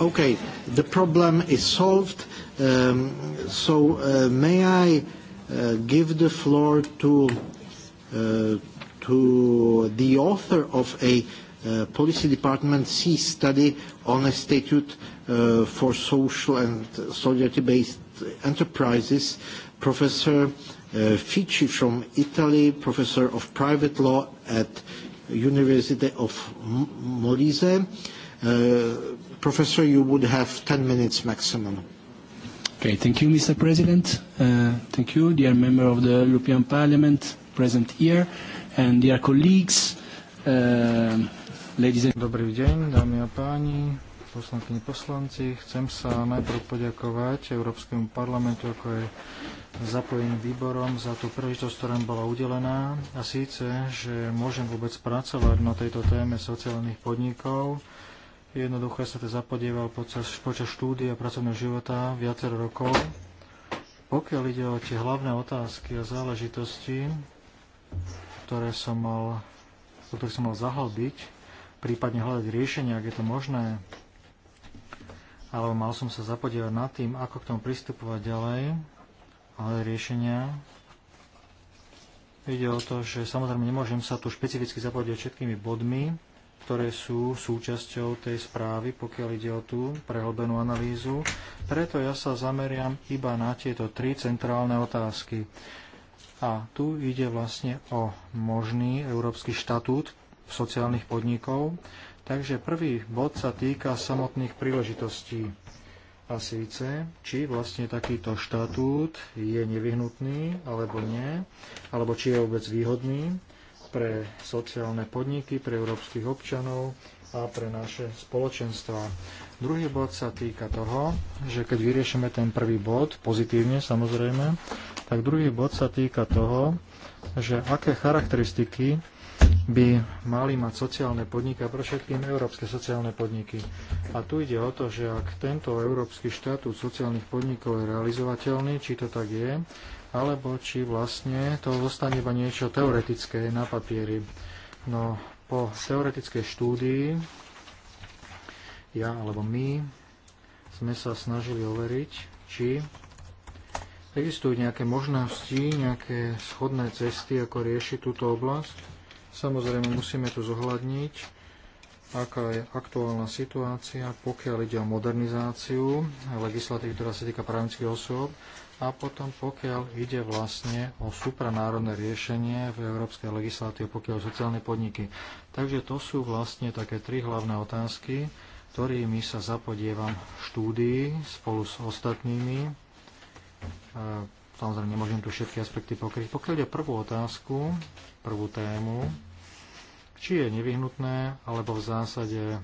Okay, the problem is solved. Um, so uh, may I uh, give the floor to uh, to the author of a uh, policy department C study on a statute uh, for social and solidarity-based enterprises, Professor uh, Fici from Italy, Professor of Private Law at University of Molise. Uh, Professor, you would have 10 minutes maximum. Okay, thank you, Mr. President. Uh, thank you, dear member of the European Parliament present here, and dear colleagues, uh, ladies and... Dobrý deň, dámy a páni, poslankyni poslanci. Chcem sa najprv poďakovať Európskemu parlamentu, ako je zapojeným výborom za tú príležitosť, ktorá bola udelená. A síce, že môžem vôbec pracovať na tejto téme sociálnych podnikov. Jednoducho ja sa to teda zapodieval počas, počas štúdia pracovného života viacero rokov. Pokiaľ ide o tie hlavné otázky a záležitosti, ktoré som mal, do ktorých som mal zahlbiť, prípadne hľadať riešenia, ak je to možné, alebo mal som sa zapodievať nad tým, ako k tomu pristupovať ďalej, ale riešenia. Ide o to, že samozrejme nemôžem sa tu špecificky zapodievať všetkými bodmi, ktoré sú súčasťou tej správy, pokiaľ ide o tú prehlbenú analýzu. Preto ja sa zameriam iba na tieto tri centrálne otázky. A tu ide vlastne o možný európsky štatút sociálnych podnikov. Takže prvý bod sa týka samotných príležitostí. A síce, či vlastne takýto štatút je nevyhnutný alebo nie, alebo či je vôbec výhodný pre sociálne podniky, pre európskych občanov a pre naše spoločenstva. Druhý bod sa týka toho, že keď vyriešime ten prvý bod, pozitívne samozrejme, tak druhý bod sa týka toho, že aké charakteristiky by mali mať sociálne podniky a pre všetkým európske sociálne podniky. A tu ide o to, že ak tento európsky štatút sociálnych podnikov je realizovateľný, či to tak je, alebo či vlastne to zostane iba niečo teoretické na papieri. No po teoretickej štúdii ja alebo my sme sa snažili overiť, či existujú nejaké možnosti, nejaké schodné cesty, ako riešiť túto oblasť. Samozrejme musíme tu zohľadniť, aká je aktuálna situácia, pokiaľ ide o modernizáciu legislatívy, ktorá sa týka právnických osôb a potom, pokiaľ ide vlastne o supranárodné riešenie v európskej legislatíve, pokiaľ o sociálne podniky. Takže to sú vlastne také tri hlavné otázky, ktorými sa zapodievam v štúdii spolu s ostatnými. Samozrejme, nemôžem tu všetky aspekty pokryť. Pokiaľ ide prvú otázku, prvú tému, či je nevyhnutné, alebo v zásade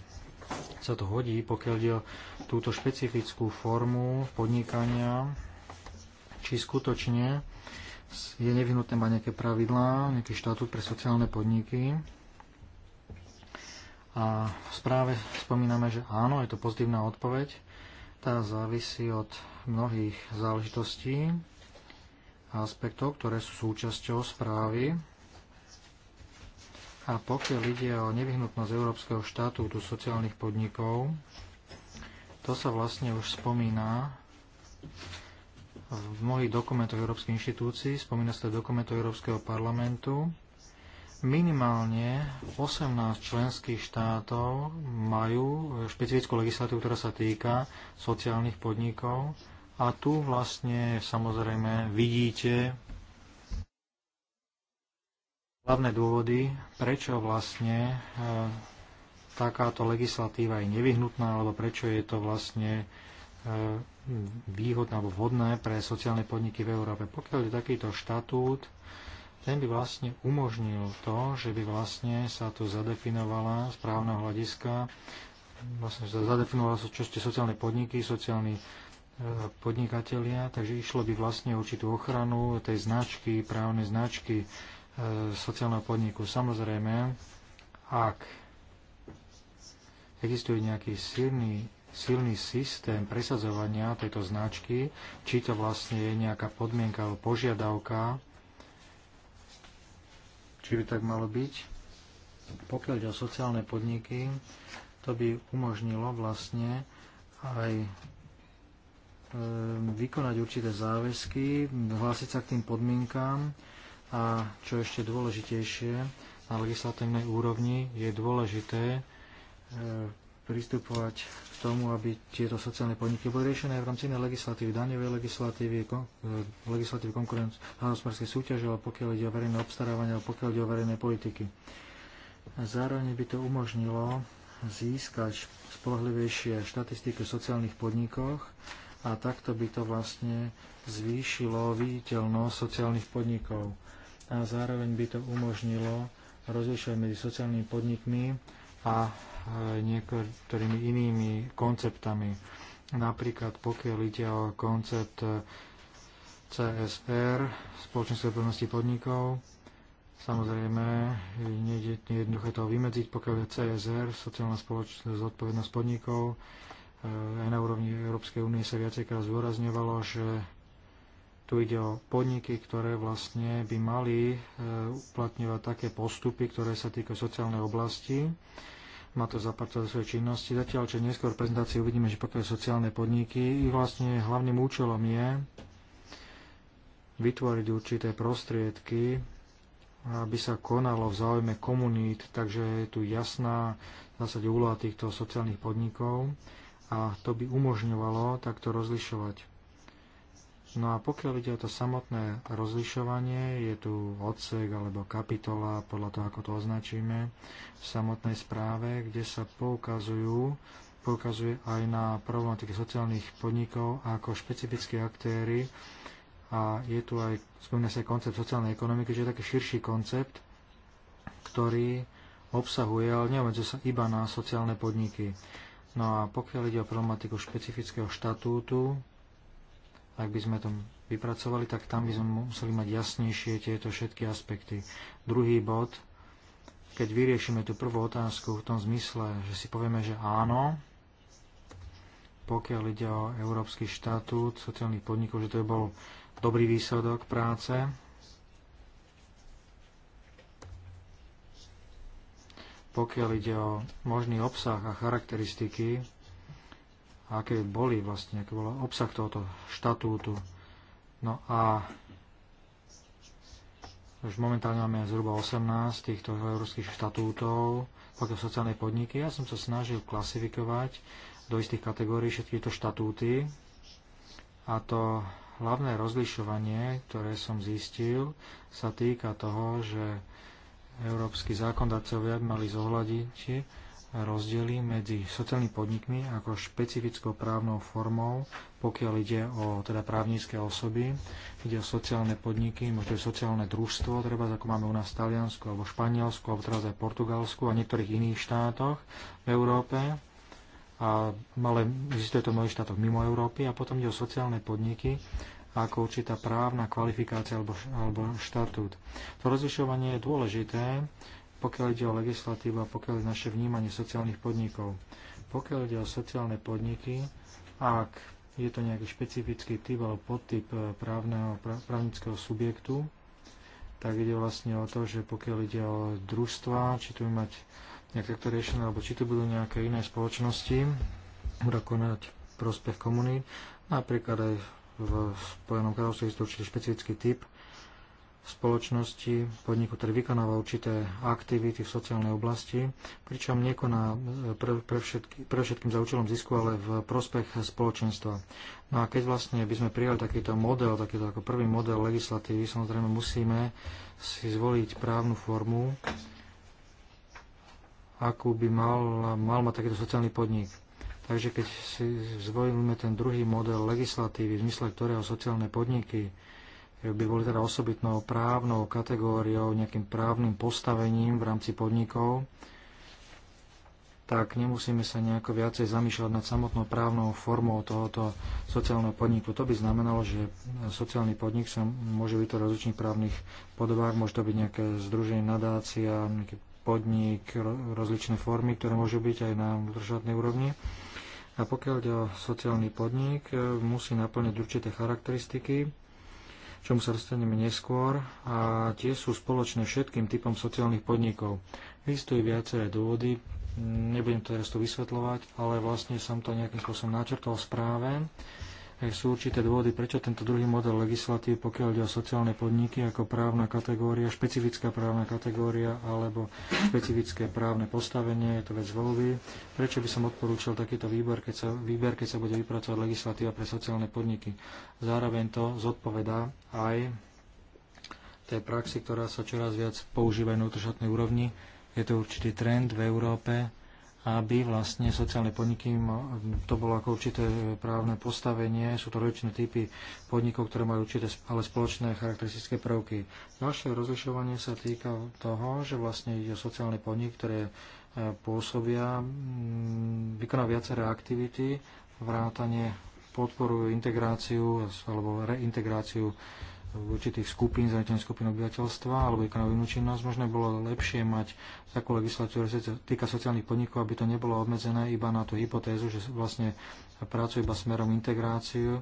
sa to hodí, pokiaľ ide o túto špecifickú formu podnikania či skutočne je nevyhnutné mať nejaké pravidlá, nejaký štatút pre sociálne podniky. A v správe spomíname, že áno, je to pozitívna odpoveď. Tá závisí od mnohých záležitostí a aspektov, ktoré sú súčasťou správy. A pokiaľ ide o nevyhnutnosť Európskeho štatútu sociálnych podnikov, to sa vlastne už spomína v mnohých dokumentoch Európskej inštitúcii, spomína sa dokumentov Európskeho parlamentu, minimálne 18 členských štátov majú špecifickú legislatívu, ktorá sa týka sociálnych podnikov a tu vlastne samozrejme vidíte hlavné dôvody, prečo vlastne e, takáto legislatíva je nevyhnutná, alebo prečo je to vlastne Hm, výhodné alebo vhodné pre sociálne podniky v Európe. Pokiaľ je takýto štatút, ten by vlastne umožnil to, že by vlastne sa tu zadefinovala správneho hľadiska, vlastne zadefinovala sa čo ste sociálne podniky, sociálni e, podnikatelia, takže išlo by vlastne určitú ochranu tej značky, právnej značky e, sociálneho podniku. Samozrejme, ak existuje nejaký silný silný systém presadzovania tejto značky, či to vlastne je nejaká podmienka alebo požiadavka, či by tak malo byť. Pokiaľ ide o sociálne podniky, to by umožnilo vlastne aj vykonať určité záväzky, hlásiť sa k tým podmienkám a čo ešte dôležitejšie, na legislatívnej úrovni je dôležité pristupovať k tomu, aby tieto sociálne podniky boli riešené v rámci inej legislatívy, daňovej legislatívy, kon, e, legislatívy konkurenc súťaže, ale pokiaľ ide o verejné obstarávanie, ale pokiaľ ide o verejné politiky. Zároveň by to umožnilo získať spolahlivejšie štatistiky v sociálnych podnikoch a takto by to vlastne zvýšilo viditeľnosť sociálnych podnikov. A zároveň by to umožnilo rozlišovať medzi sociálnymi podnikmi a niektorými inými konceptami. Napríklad pokiaľ ide o koncept e, CSR, spoločnosti odpovednosti podnikov, Samozrejme, je jednoduché to vymedziť, pokiaľ je CSR, sociálna spoločnosť, zodpovednosť podnikov. E, aj na úrovni Európskej únie sa viacejkrát zdôrazňovalo, že tu ide o podniky, ktoré vlastne by mali e, uplatňovať také postupy, ktoré sa týkajú sociálnej oblasti má to zapracovať do svojej činnosti. Zatiaľ, čo neskôr v prezentácii uvidíme, že pokiaľ sociálne podniky, ich vlastne hlavným účelom je vytvoriť určité prostriedky, aby sa konalo v záujme komunít, takže je tu jasná v zásade úloha týchto sociálnych podnikov a to by umožňovalo takto rozlišovať. No a pokiaľ ide o to samotné rozlišovanie, je tu odsek alebo kapitola, podľa toho, ako to označíme, v samotnej správe, kde sa poukazujú, poukazuje aj na problematiky sociálnych podnikov ako špecifické aktéry a je tu aj, spomína sa koncept sociálnej ekonomiky, že je taký širší koncept, ktorý obsahuje, ale neobmedzuje sa iba na sociálne podniky. No a pokiaľ ide o problematiku špecifického štatútu, ak by sme to vypracovali, tak tam by sme museli mať jasnejšie tieto všetky aspekty. Druhý bod, keď vyriešime tú prvú otázku v tom zmysle, že si povieme, že áno, pokiaľ ide o Európsky štatút sociálnych podnikov, že to je bol dobrý výsledok práce. Pokiaľ ide o možný obsah a charakteristiky aké boli vlastne, aký bol obsah tohoto štatútu. No a už momentálne máme zhruba 18 týchto európskych štatútov, pokiaľ sociálne podniky. Ja som sa snažil klasifikovať do istých kategórií všetky tieto štatúty a to hlavné rozlišovanie, ktoré som zistil, sa týka toho, že európsky zákonodárcovia mali zohľadiť rozdiely medzi sociálnymi podnikmi ako špecifickou právnou formou, pokiaľ ide o teda právnické osoby, ide o sociálne podniky, možno sociálne družstvo, treba ako máme u nás v Taliansku alebo Španielsku, alebo teraz aj Portugalsku a niektorých iných štátoch v Európe. A, ale existuje to v mnohých štátoch mimo Európy a potom ide o sociálne podniky, ako určitá právna kvalifikácia alebo, alebo štatút. To rozlišovanie je dôležité, pokiaľ ide o legislatívu a pokiaľ ide naše vnímanie sociálnych podnikov. Pokiaľ ide o sociálne podniky, ak je to nejaký špecifický typ alebo podtyp e, právneho, právnického subjektu, tak ide vlastne o to, že pokiaľ ide o družstva, či tu mať nejaké to riešené, alebo či tu budú nejaké iné spoločnosti, budú konať prospech komunít. Napríklad aj v Spojenom kráľovstve je to určite špecifický typ spoločnosti, podniku, ktorý vykonáva určité aktivity v sociálnej oblasti, pričom nekoná e, pre, pre, všetky, pre všetkým za účelom zisku, ale v prospech spoločenstva. No a keď vlastne by sme prijali takýto model, takýto ako prvý model legislatívy, samozrejme musíme si zvoliť právnu formu, akú by mal, mal mať takýto sociálny podnik. Takže keď si zvolíme ten druhý model legislatívy, v zmysle ktorého sociálne podniky by boli teda osobitnou právnou kategóriou, nejakým právnym postavením v rámci podnikov, tak nemusíme sa nejako viacej zamýšľať nad samotnou právnou formou tohoto sociálneho podniku. To by znamenalo, že sociálny podnik sa môže byť v rozličných právnych podobách, môže to byť nejaké združenie, nadácia, nejaký podnik, rozličné formy, ktoré môžu byť aj na vnútroštátnej úrovni. A pokiaľ ide o sociálny podnik, musí naplniť určité charakteristiky, čomu sa dostaneme neskôr, a tie sú spoločné všetkým typom sociálnych podnikov. Existujú viaceré dôvody, nebudem to teraz tu vysvetľovať, ale vlastne som to nejakým spôsobom načrtol v správe sú určité dôvody, prečo tento druhý model legislatívy, pokiaľ ide o sociálne podniky ako právna kategória, špecifická právna kategória alebo špecifické právne postavenie, je to vec voľby. Prečo by som odporúčal takýto výber, keď sa, výber, keď sa bude vypracovať legislatíva pre sociálne podniky. Zároveň to zodpovedá aj tej praxi, ktorá sa čoraz viac používa na vnútroštátnej úrovni. Je to určitý trend v Európe, aby vlastne sociálne podniky, to bolo ako určité právne postavenie, sú to rodičné typy podnikov, ktoré majú určité ale spoločné charakteristické prvky. Ďalšie rozlišovanie sa týka toho, že vlastne ide sociálny podnik, ktoré e, pôsobia, vykoná viaceré aktivity, vrátanie podporujú integráciu alebo reintegráciu určitých skupín, zraniteľných skupín obyvateľstva alebo ekonomickú činnosť. Možno bolo lepšie mať takú legislatúru, ktorá týka sociálnych podnikov, aby to nebolo obmedzené iba na tú hypotézu, že vlastne pracuje iba smerom integráciu.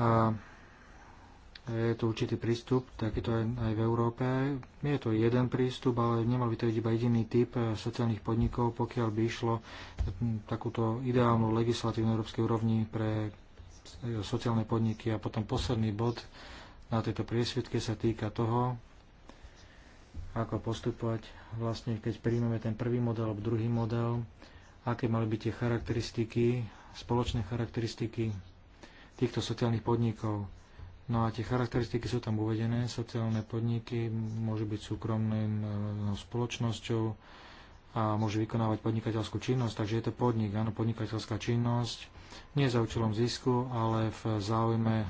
A je to určitý prístup, takýto aj, aj v Európe. Je to jeden prístup, ale nemal by to byť iba jediný typ eh, sociálnych podnikov, pokiaľ by išlo hm, takúto ideálnu legislatívnu európskej úrovni pre E, sociálne podniky. A potom posledný bod na tejto priesvitke sa týka toho, ako postupovať vlastne, keď príjmeme ten prvý model alebo druhý model, aké mali byť tie charakteristiky, spoločné charakteristiky týchto sociálnych podnikov. No a tie charakteristiky sú tam uvedené. Sociálne podniky môžu byť súkromnou e, no, spoločnosťou a môžu vykonávať podnikateľskú činnosť, takže je to podnik, áno, podnikateľská činnosť, nie za účelom zisku, ale v záujme e,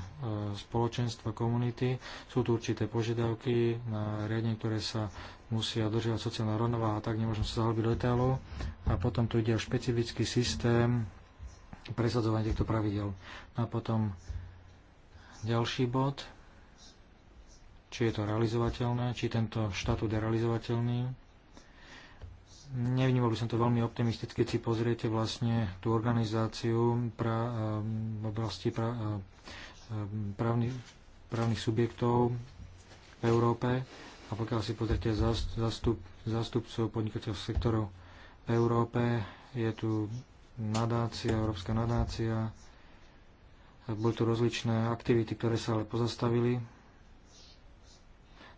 spoločenstva, komunity. Sú tu určité požiadavky na riadne, ktoré sa musia držať sociálna rovnováha, tak nemôžem sa zahlbiť do detailov. A potom tu ide o špecifický systém presadzovania týchto pravidel. No a potom ďalší bod, či je to realizovateľné, či tento štatút je realizovateľný Nevnímal by som to veľmi optimisticky, keď si pozriete vlastne tú organizáciu pra, eh, v oblasti pra, eh, eh, právnych, právnych subjektov v Európe a pokiaľ si pozriete zastup, zastupcov podnikateľských sektorov v Európe, je tu nadácia, Európska nadácia, boli tu rozličné aktivity, ktoré sa ale pozastavili.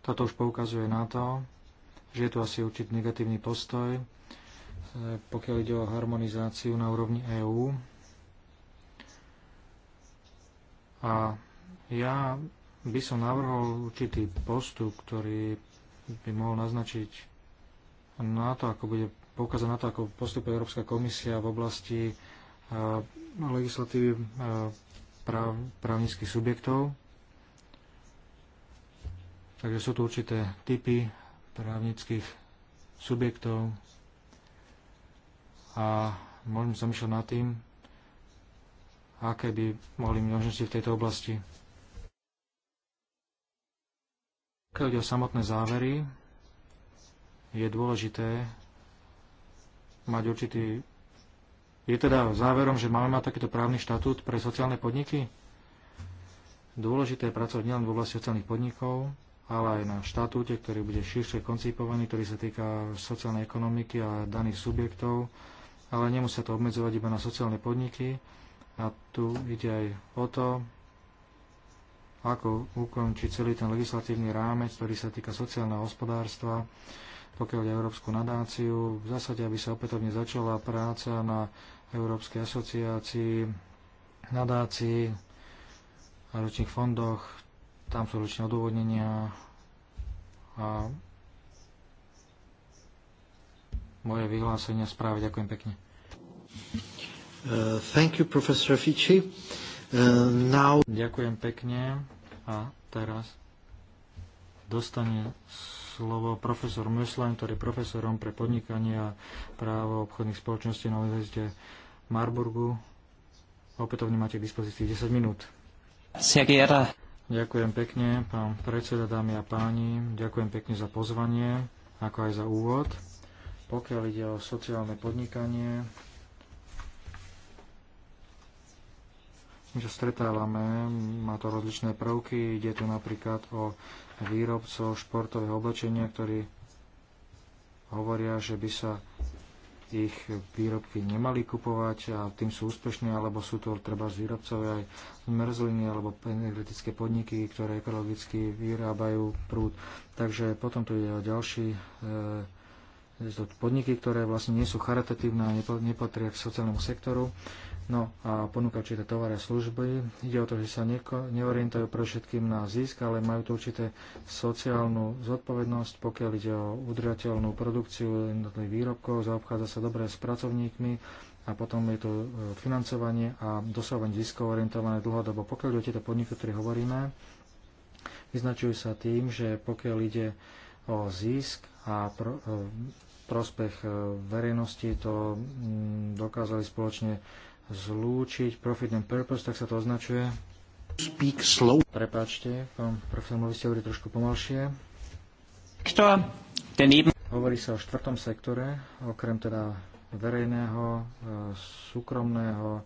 Toto už poukazuje na to, že je tu asi určitý negatívny postoj, e, pokiaľ ide o harmonizáciu na úrovni EÚ. A ja by som navrhol určitý postup, ktorý by mohol naznačiť na to, ako bude poukázať na to, ako postupuje Európska komisia v oblasti e, legislatívy e, práv, právnických subjektov. Takže sú tu určité typy právnických subjektov a môžem myšľať nad tým, aké by mohli možnosti v tejto oblasti. Keď ide o samotné závery, je dôležité mať určitý... Je teda záverom, že máme mať takýto právny štatút pre sociálne podniky? Dôležité je pracovať nielen v oblasti sociálnych podnikov, ale aj na štatúte, ktorý bude širšie koncipovaný, ktorý sa týka sociálnej ekonomiky a daných subjektov, ale nemusia to obmedzovať iba na sociálne podniky. A tu ide aj o to, ako ukončiť celý ten legislatívny rámec, ktorý sa týka sociálneho hospodárstva, pokiaľ je Európsku nadáciu. V zásade, aby sa opätovne začala práca na Európskej asociácii, nadácii a ročných fondoch, tam sú rôzne odôvodnenia a moje vyhlásenia správy. Ďakujem pekne. Uh, thank you, professor Fici. Uh, now... Ďakujem pekne. A teraz dostane slovo profesor Möslein, ktorý je profesorom pre podnikanie a právo obchodných spoločností na univerzite Marburgu. Opätovne máte k dispozícii 10 minút. Sehr geehrter Ďakujem pekne, pán predseda, dámy a páni. Ďakujem pekne za pozvanie, ako aj za úvod. Pokiaľ ide o sociálne podnikanie, my sa stretávame, má to rozličné prvky, ide tu napríklad o výrobcov športového oblečenia, ktorí hovoria, že by sa ich výrobky nemali kupovať a tým sú úspešní, alebo sú to treba z výrobcov aj mrzliny alebo energetické podniky, ktoré ekologicky vyrábajú prúd. Takže potom tu ide o ďalší e, podniky, ktoré vlastne nie sú charitatívne a nepatria k sociálnemu sektoru. No a ponúka určité tovary a služby. Ide o to, že sa neko, neorientujú pre všetkým na zisk, ale majú tu určité sociálnu zodpovednosť, pokiaľ ide o udržateľnú produkciu jednotlivých výrobkov, zaobchádza sa dobre s pracovníkmi a potom je to e, financovanie a dosahovanie ziskov orientované dlhodobo. Pokiaľ ide o tieto podniky, o ktorých hovoríme, vyznačujú sa tým, že pokiaľ ide o zisk a pro, e, prospech e, verejnosti, to mm, dokázali spoločne zlúčiť profit and purpose, tak sa to označuje. Speak slow. Prepáčte, pán profesor, mohli ste hovoriť trošku pomalšie. Kto? Ten Hovorí sa o štvrtom sektore, okrem teda verejného, e, súkromného,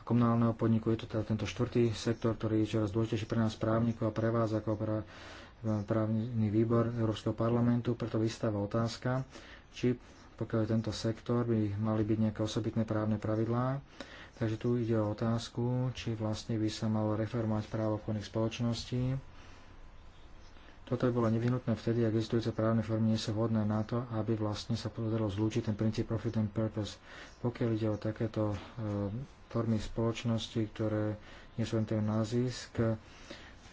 a komunálneho podniku. Je to teda tento štvrtý sektor, ktorý je čoraz dôležitejší pre nás právnikov a pre vás ako pre právny výbor Európskeho parlamentu. Preto vystáva otázka, či pokiaľ je tento sektor, by mali byť nejaké osobitné právne pravidlá. Takže tu ide o otázku, či vlastne by sa malo reformovať právo obchodných spoločností. Toto by bolo nevyhnutné vtedy, ak existujúce právne formy nie sú vhodné na to, aby vlastne sa podarilo zlúčiť ten princíp profit and purpose. Pokiaľ ide o takéto e, formy spoločnosti, ktoré nie sú len na zisk, e,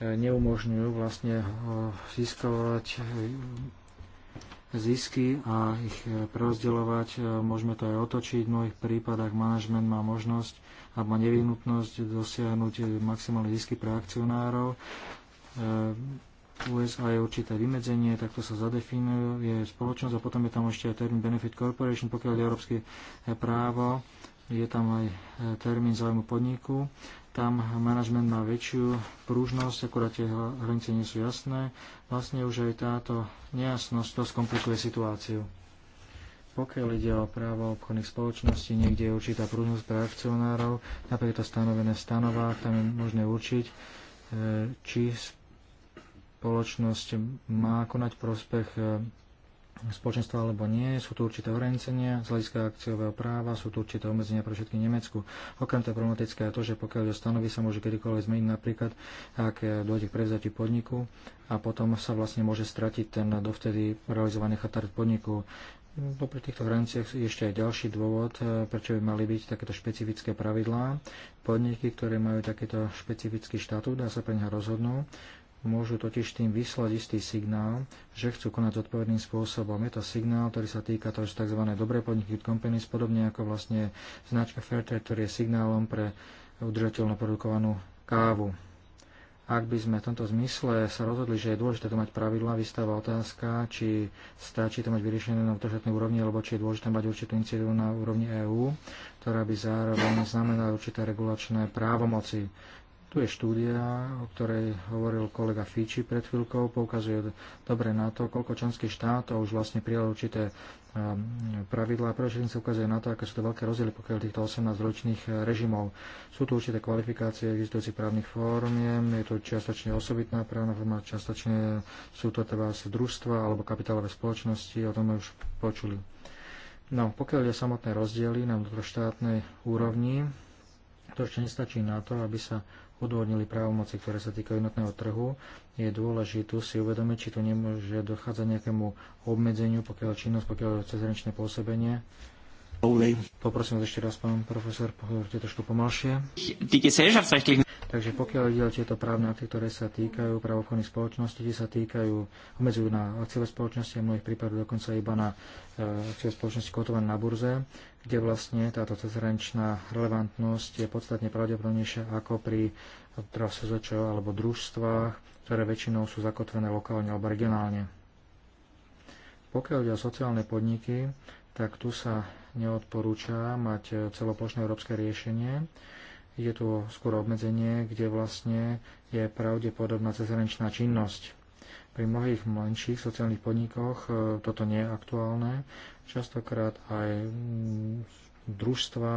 neumožňujú vlastne e, získavať e, zisky a ich e, prerozdeľovať. E, môžeme to aj otočiť. V mnohých prípadách manažment má možnosť alebo má nevyhnutnosť dosiahnuť e, maximálne zisky pre akcionárov. USA je určité vymedzenie, takto sa zadefinuje spoločnosť a potom je tam ešte aj termín Benefit Corporation, pokiaľ je európske právo, je tam aj termín zájmu podniku tam manažment má väčšiu prúžnosť, akurát tie hranice nie sú jasné. Vlastne už aj táto nejasnosť to skomplikuje situáciu. Pokiaľ ide o právo obchodných spoločností, niekde je určitá prúžnosť pre akcionárov, napríklad to stanovené v stanovách, tam je možné určiť, e, či spoločnosť má konať prospech e, spoločenstva alebo nie. Sú tu určité ohraničenia z hľadiska akciového práva, sú tu určité obmedzenia pre všetky Nemecku. Okrem toho problematické je to, že pokiaľ je stanovy sa môže kedykoľvek zmeniť, napríklad ak dojde k prevzati podniku a potom sa vlastne môže stratiť ten dovtedy realizovaný chatár podniku. Popri týchto hraniciach je ešte aj ďalší dôvod, eh, prečo by mali byť takéto špecifické pravidlá. Podniky, ktoré majú takýto špecifický štatút, dá sa pre neho rozhodnú, môžu totiž tým vyslať istý signál, že chcú konať odpovedným spôsobom. Je to signál, ktorý sa týka toho, že tzv. dobré podniky good companies, podobne ako vlastne značka Fairtrade, ktorý je signálom pre udržateľno produkovanú kávu. Ak by sme v tomto zmysle sa rozhodli, že je dôležité to mať pravidla, vystáva otázka, či stačí to mať vyriešené na vnútroštátnej úrovni, alebo či je dôležité mať určitú iniciatívu na úrovni EÚ, ktorá by zároveň znamenala určité regulačné právomoci. Tu je štúdia, o ktorej hovoril kolega Fíči pred chvíľkou, poukazuje dobre na to, koľko členských štátov už vlastne prijalo určité um, pravidlá. Prečo sa ukazuje na to, aké sú to veľké rozdiely, pokiaľ týchto 18 ročných eh, režimov. Sú tu určité kvalifikácie existujúcich právnych fórmiem, je to čiastočne osobitná právna forma, čiastočne sú to teda družstva alebo kapitálové spoločnosti, o tom už počuli. No, pokiaľ je samotné rozdiely na vnútroštátnej úrovni, to ešte nestačí na to, aby sa odôvodnili právomoci, ktoré sa týkajú jednotného trhu, je dôležité si uvedomiť, či to nemôže dochádzať nejakému obmedzeniu, pokiaľ činnosť, pokiaľ cezhraničné pôsobenie Poprosím vás ešte raz, pán profesor, hovorte trošku pomalšie. Takže pokiaľ ide o tieto právne akty, ktoré sa týkajú právobchodných spoločností, tie sa týkajú, obmedzujú na akciové spoločnosti a mnohých prípadov dokonca iba na e, akciové spoločnosti kotované na burze, kde vlastne táto cezhraničná relevantnosť je podstatne pravdepodobnejšia ako pri teda alebo družstvách, ktoré väčšinou sú zakotvené lokálne alebo regionálne. Pokiaľ ide o sociálne podniky, tak tu sa neodporúča mať e, celoplošné európske riešenie. Je tu skôr obmedzenie, kde vlastne je pravdepodobná cezhraničná činnosť. Pri mnohých menších sociálnych podnikoch e, toto nie je aktuálne. Častokrát aj mm, družstva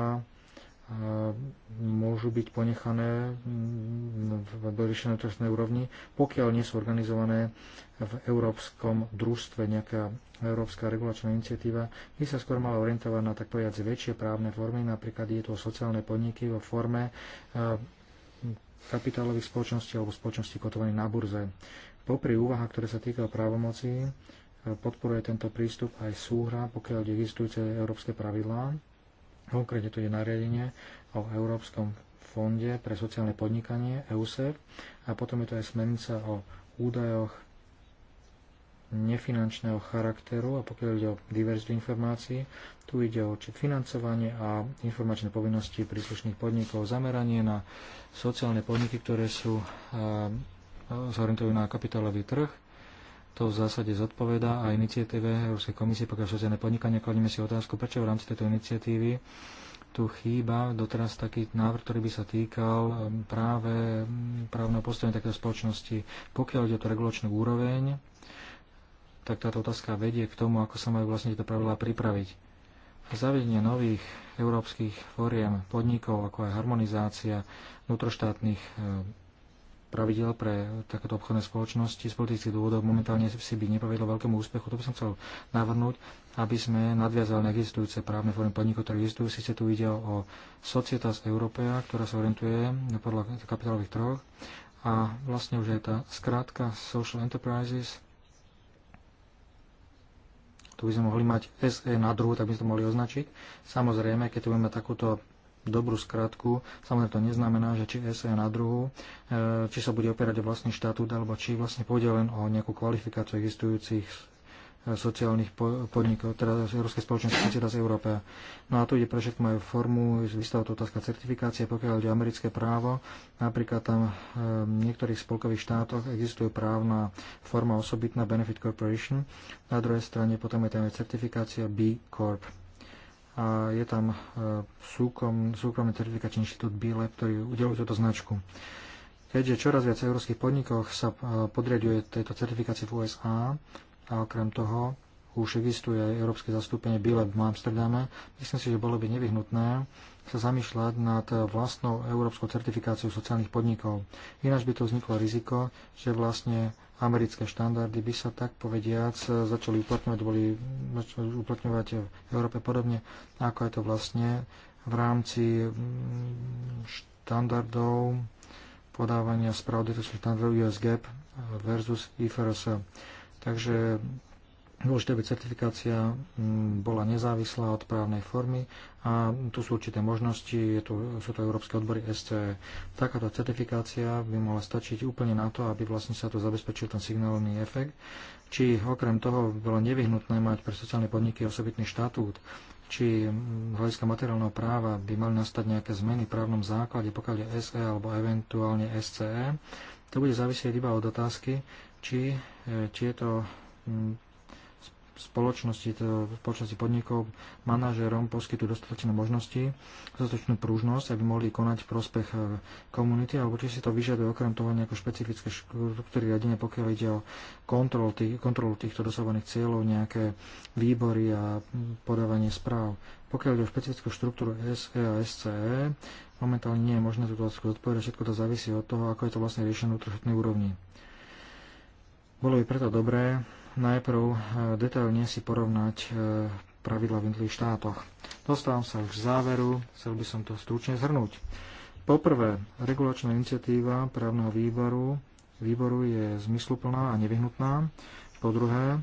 môžu byť ponechané mm, v dorišenej trestnej úrovni, pokiaľ nie sú organizované v Európskom družstve nejaká Európska regulačná iniciatíva, by sa skôr mala orientovať na tak povedať väčšie právne formy, napríklad je to sociálne podniky vo forme e, kapitálových spoločností alebo spoločností kotovaných na burze. Popri úvahách, ktoré sa týkajú právomocí, e, podporuje tento prístup aj súhra, pokiaľ existujúce európske pravidlá, Konkrétne tu je nariadenie o Európskom fonde pre sociálne podnikanie, EUSEF, a potom je to aj smernica o údajoch nefinančného charakteru a pokiaľ ide o diverzitu informácií, tu ide o financovanie a informačné povinnosti príslušných podnikov, zameranie na sociálne podniky, ktoré sú zorientujú na kapitálový trh to v zásade zodpovedá a iniciatíve Európskej komisie pokiaľ sociálne podnikanie. Kladíme si otázku, prečo v rámci tejto iniciatívy tu chýba doteraz taký návrh, ktorý by sa týkal um, práve um, právneho postavenia takéto spoločnosti. Pokiaľ ide o tú regulačnú úroveň, tak táto otázka vedie k tomu, ako sa majú vlastne tieto pravidlá pripraviť. Zavedenie nových európskych fóriem podnikov, ako aj harmonizácia vnútroštátnych um, pravidel pre takéto obchodné spoločnosti z politických dôvodov momentálne si by nepovedlo veľkému úspechu. To by som chcel navrhnúť, aby sme nadviazali na existujúce právne formy podnikov, ktoré existujú. Sice tu ide o Societas Europea, ktorá sa orientuje podľa kapitálových troch a vlastne už je tá skrátka Social Enterprises. Tu by sme mohli mať SE na druhu, tak by sme to mohli označiť. Samozrejme, keď tu budeme takúto dobrú skratku. Samozrejme to neznamená, že či SA na druhu, e, či sa bude opierať o vlastný štatút, alebo či vlastne pôjde len o nejakú kvalifikáciu existujúcich e, sociálnych podnikov, teda Európskej spoločnosti, teda z Európe. No a tu ide pre všetko majú formu, vystáva to otázka certifikácie, pokiaľ ide americké právo. Napríklad tam e, v niektorých spolkových štátoch existuje právna forma osobitná Benefit Corporation. Na druhej strane potom je tam aj certifikácia B Corp a je tam e, súkom, súkromný certifikačný inštitút BILE, ktorý udeluje túto značku. Keďže čoraz viac európskych podnikov sa e, podriaduje tejto certifikácii v USA a okrem toho už existuje aj európske zastúpenie BILE v Amsterdame, myslím si, že bolo by nevyhnutné sa zamýšľať nad vlastnou európskou certifikáciou sociálnych podnikov. Ináč by to vzniklo riziko, že vlastne americké štandardy by sa tak povediac e, začali uplatňovať, boli, začali uplatňovať v Európe podobne, ako je to vlastne v rámci mm, štandardov podávania správ štandardov US e versus IFRS. Takže Dôležité, aby certifikácia mm, bola nezávislá od právnej formy a tu sú určité možnosti, je to, sú to európske odbory SCE. Takáto certifikácia by mohla stačiť úplne na to, aby vlastne sa tu zabezpečil ten signálny efekt. Či okrem toho by bolo nevyhnutné mať pre sociálne podniky osobitný štatút, či mm, z hľadiska materiálneho práva by mali nastať nejaké zmeny v právnom základe, pokiaľ je SE alebo eventuálne SCE. To bude závisieť iba od otázky, či e, tieto mm, spoločnosti, teda spoločnosti podnikov, manažérom poskytujú dostatočné možnosti, dostatočnú prúžnosť, aby mohli konať v prospech e, komunity, alebo či si to vyžaduje okrem toho nejaké špecifické štruktúry riadenia, pokiaľ ide o kontrolu, tých, kontrolu týchto dosahovaných cieľov, nejaké výbory a podávanie správ. Pokiaľ ide o špecifickú štruktúru SE a SCE, momentálne nie je možné túto otázku zodpovedať, všetko to závisí od toho, ako je to vlastne riešené na úrovni. Bolo by preto dobré, najprv e, detailne si porovnať e, pravidla v jednotlivých štátoch. Dostávam sa už k záveru, chcel by som to stručne zhrnúť. Poprvé, regulačná iniciatíva právneho výboru, výboru je zmysluplná a nevyhnutná. Po druhé,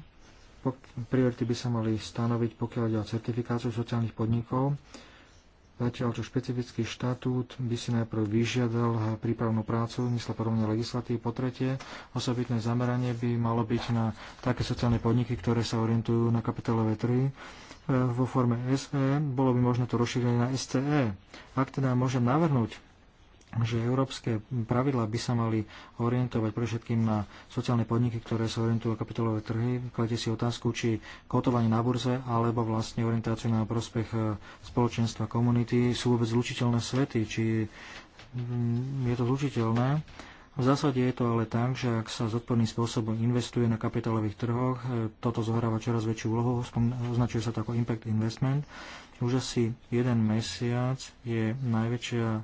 priority by sa mali stanoviť, pokiaľ ide o certifikáciu sociálnych podnikov Zatiaľ, čo špecifický štatút by si najprv vyžiadal prípravnú prácu v mysle porovne legislatívy. Po tretie, osobitné zameranie by malo byť na také sociálne podniky, ktoré sa orientujú na kapitálové trhy e, vo forme SE. Bolo by možné to rozšíriť na SCE. Ak teda môžem navrhnúť že európske pravidlá by sa mali orientovať pre všetkým na sociálne podniky, ktoré sa orientujú na kapitálové trhy. Kladie si otázku, či kotovanie na burze alebo vlastne orientáciu na prospech e, spoločenstva komunity sú vôbec zlučiteľné svety, či mm, je to zlučiteľné. V zásade je to ale tak, že ak sa zodporným spôsobom investuje na kapitálových trhoch, e, toto zohráva čoraz väčšiu úlohu, označuje sa to ako impact investment. Už asi jeden mesiac je najväčšia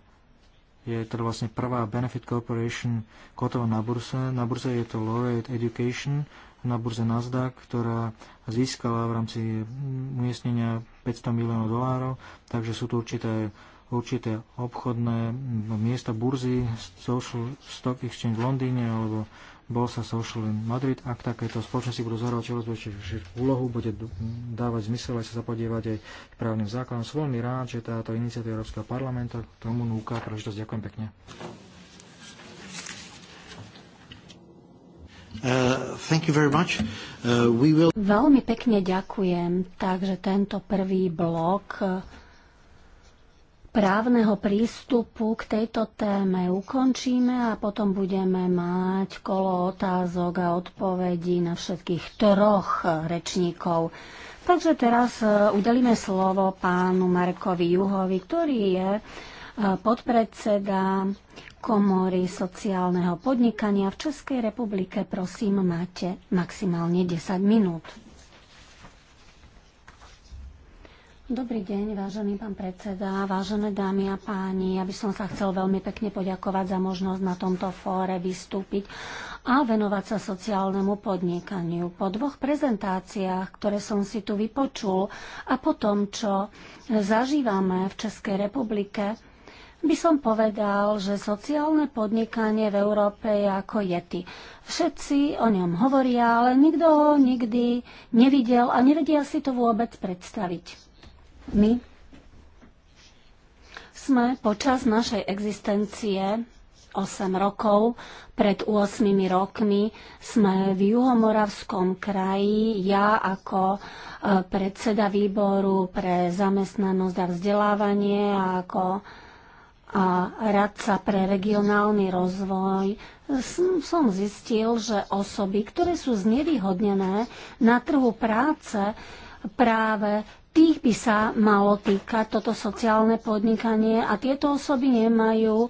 je teda vlastne prvá Benefit Corporation kotová na burze. Na burze je to Laureate Education na burze Nasdaq, ktorá získala v rámci umiestnenia 500 miliónov dolárov, takže sú tu určité, určité obchodné miesta burzy, Social Stock Exchange v Londýne alebo bol sa Social in Madrid. Ak takéto spoločnosti budú zohrávať čo rozhodujúcejšiu úlohu, bude dávať zmysel aj sa zapodievať aj právnym základom. Som veľmi rád, že táto iniciatíva Európskeho parlamenta k tomu núka príležitosť. Ďakujem pekne. Uh, uh, will... Veľmi pekne ďakujem. Takže tento prvý blok právneho prístupu k tejto téme ukončíme a potom budeme mať kolo otázok a odpovedí na všetkých troch rečníkov. Takže teraz e, udelíme slovo pánu Markovi Juhovi, ktorý je e, podpredseda Komory sociálneho podnikania v Českej republike. Prosím, máte maximálne 10 minút. Dobrý deň, vážený pán predseda, vážené dámy a páni. Ja by som sa chcel veľmi pekne poďakovať za možnosť na tomto fóre vystúpiť a venovať sa sociálnemu podnikaniu. Po dvoch prezentáciách, ktoré som si tu vypočul a po tom, čo zažívame v Českej republike, by som povedal, že sociálne podnikanie v Európe je ako jety. Všetci o ňom hovoria, ale nikto ho nikdy nevidel a nevedia si to vôbec predstaviť. My sme počas našej existencie 8 rokov, pred 8 rokmi sme v Juhomoravskom kraji, ja ako e, predseda výboru pre zamestnanosť a vzdelávanie a ako a radca pre regionálny rozvoj som zistil, že osoby, ktoré sú znevýhodnené na trhu práce, práve tých by sa malo týkať toto sociálne podnikanie a tieto osoby nemajú e,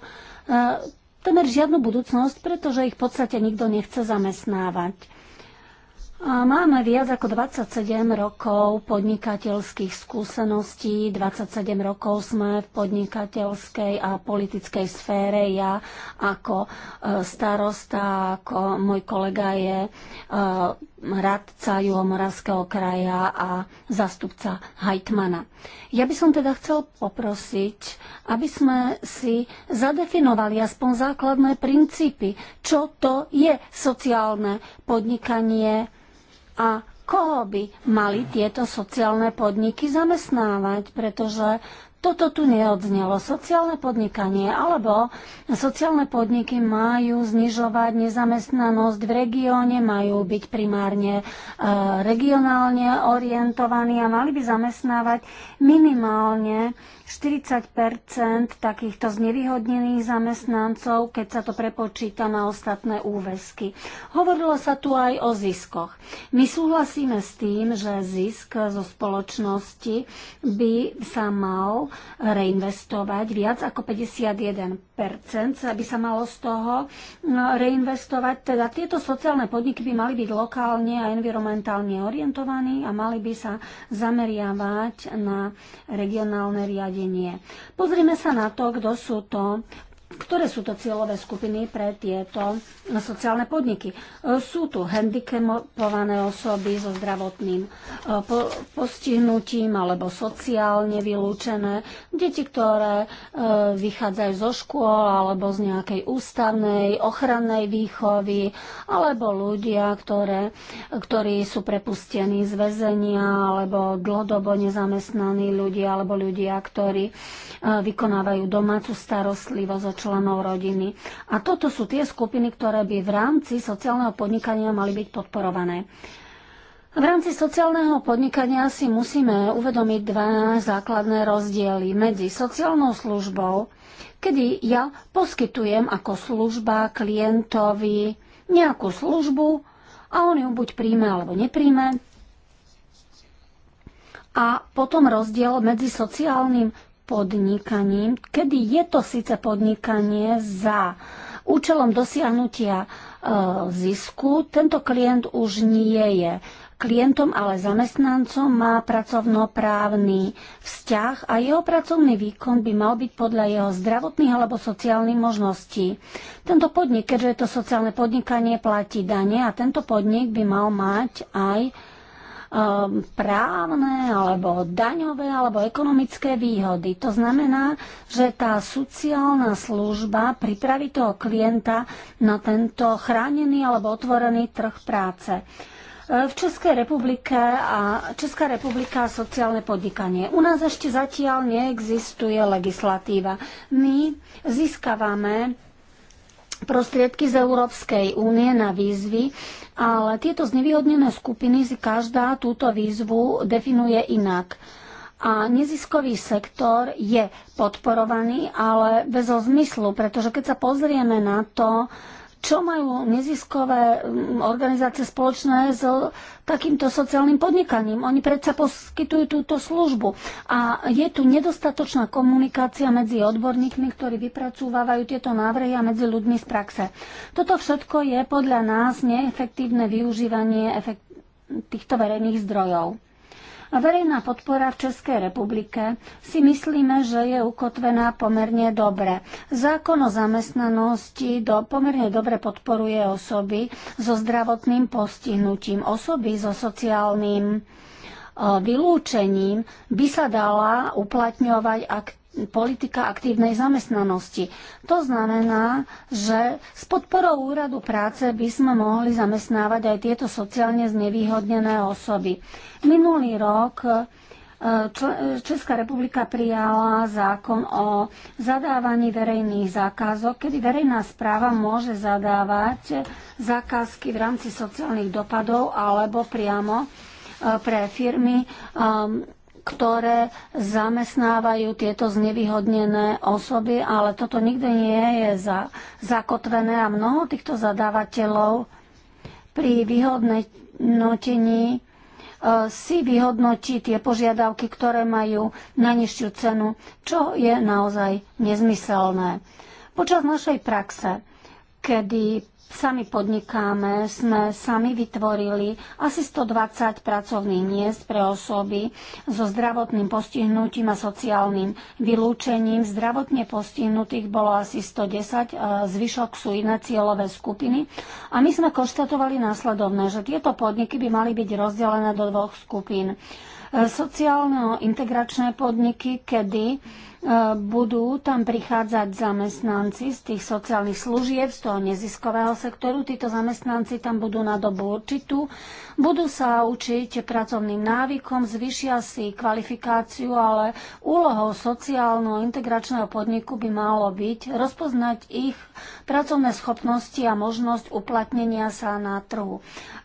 temer žiadnu budúcnosť, pretože ich v podstate nikto nechce zamestnávať. A máme viac ako 27 rokov podnikateľských skúseností, 27 rokov sme v podnikateľskej a politickej sfére. Ja ako e, starosta, ako môj kolega je e, radca Juhomoravského kraja a zastupca Hajtmana. Ja by som teda chcel poprosiť, aby sme si zadefinovali aspoň základné princípy, čo to je sociálne podnikanie a koho by mali tieto sociálne podniky zamestnávať, pretože toto tu neodznelo. Sociálne podnikanie alebo sociálne podniky majú znižovať nezamestnanosť v regióne, majú byť primárne e, regionálne orientovaní a mali by zamestnávať minimálne 40 takýchto znevýhodnených zamestnancov, keď sa to prepočíta na ostatné úväzky. Hovorilo sa tu aj o ziskoch. My súhlasíme s tým, že zisk zo spoločnosti by sa mal reinvestovať viac ako 51 aby sa malo z toho no, reinvestovať. Teda tieto sociálne podniky by mali byť lokálne a environmentálne orientovaní a mali by sa zameriavať na regionálne riadenie. Pozrime sa na to, kto sú to ktoré sú to cieľové skupiny pre tieto sociálne podniky. E, sú tu handicapované osoby so zdravotným e, postihnutím alebo sociálne vylúčené, deti, ktoré e, vychádzajú zo škôl alebo z nejakej ústavnej ochrannej výchovy, alebo ľudia, ktoré, ktorí sú prepustení z väzenia, alebo dlhodobo nezamestnaní ľudia, alebo ľudia, ktorí vykonávajú domácu starostlivosť o členov rodiny. A toto sú tie skupiny, ktoré by v rámci sociálneho podnikania mali byť podporované. V rámci sociálneho podnikania si musíme uvedomiť dva základné rozdiely medzi sociálnou službou, kedy ja poskytujem ako služba klientovi nejakú službu a on ju buď príjme alebo nepríjme, a potom rozdiel medzi sociálnym podnikaním, kedy je to síce podnikanie za účelom dosiahnutia e, zisku, tento klient už nie je klientom, ale zamestnancom má pracovnoprávny vzťah a jeho pracovný výkon by mal byť podľa jeho zdravotných alebo sociálnych možností. Tento podnik, keďže je to sociálne podnikanie, platí dane a tento podnik by mal mať aj Um, právne alebo daňové alebo ekonomické výhody. To znamená, že tá sociálna služba pripraví toho klienta na tento chránený alebo otvorený trh práce. E, v Českej republike a Česká republika a sociálne podnikanie. U nás ešte zatiaľ neexistuje legislatíva. My získavame prostriedky z Európskej únie na výzvy, ale tieto znevýhodnené skupiny si každá túto výzvu definuje inak. A neziskový sektor je podporovaný, ale bez zmyslu, pretože keď sa pozrieme na to, čo majú neziskové mm, organizácie spoločné s takýmto sociálnym podnikaním. Oni predsa poskytujú túto službu. A je tu nedostatočná komunikácia medzi odborníkmi, ktorí vypracúvajú tieto návrhy a medzi ľuďmi z praxe. Toto všetko je podľa nás neefektívne využívanie efekt- týchto verejných zdrojov. Verejná podpora v Českej republike si myslíme, že je ukotvená pomerne dobre. Zákon o zamestnanosti do, pomerne dobre podporuje osoby so zdravotným postihnutím, osoby so sociálnym e, vylúčením by sa dala uplatňovať, ak politika aktívnej zamestnanosti. To znamená, že s podporou úradu práce by sme mohli zamestnávať aj tieto sociálne znevýhodnené osoby. Minulý rok e, Česká republika prijala zákon o zadávaní verejných zákazok, kedy verejná správa môže zadávať zákazky v rámci sociálnych dopadov alebo priamo e, pre firmy e, ktoré zamestnávajú tieto znevýhodnené osoby, ale toto nikde nie je za, zakotvené a mnoho týchto zadávateľov pri vyhodnotení e, si vyhodnotí tie požiadavky, ktoré majú najnižšiu cenu, čo je naozaj nezmyselné. Počas našej praxe, kedy sami podnikáme, sme sami vytvorili asi 120 pracovných miest pre osoby so zdravotným postihnutím a sociálnym vylúčením. Zdravotne postihnutých bolo asi 110, e, zvyšok sú iné cieľové skupiny. A my sme konštatovali následovné, že tieto podniky by mali byť rozdelené do dvoch skupín. E, sociálno-integračné podniky, kedy E, budú tam prichádzať zamestnanci z tých sociálnych služieb, z toho neziskového sektoru. Títo zamestnanci tam budú na dobu určitú, budú sa učiť pracovným návykom, zvyšia si kvalifikáciu, ale úlohou sociálno-integračného podniku by malo byť rozpoznať ich pracovné schopnosti a možnosť uplatnenia sa na trhu.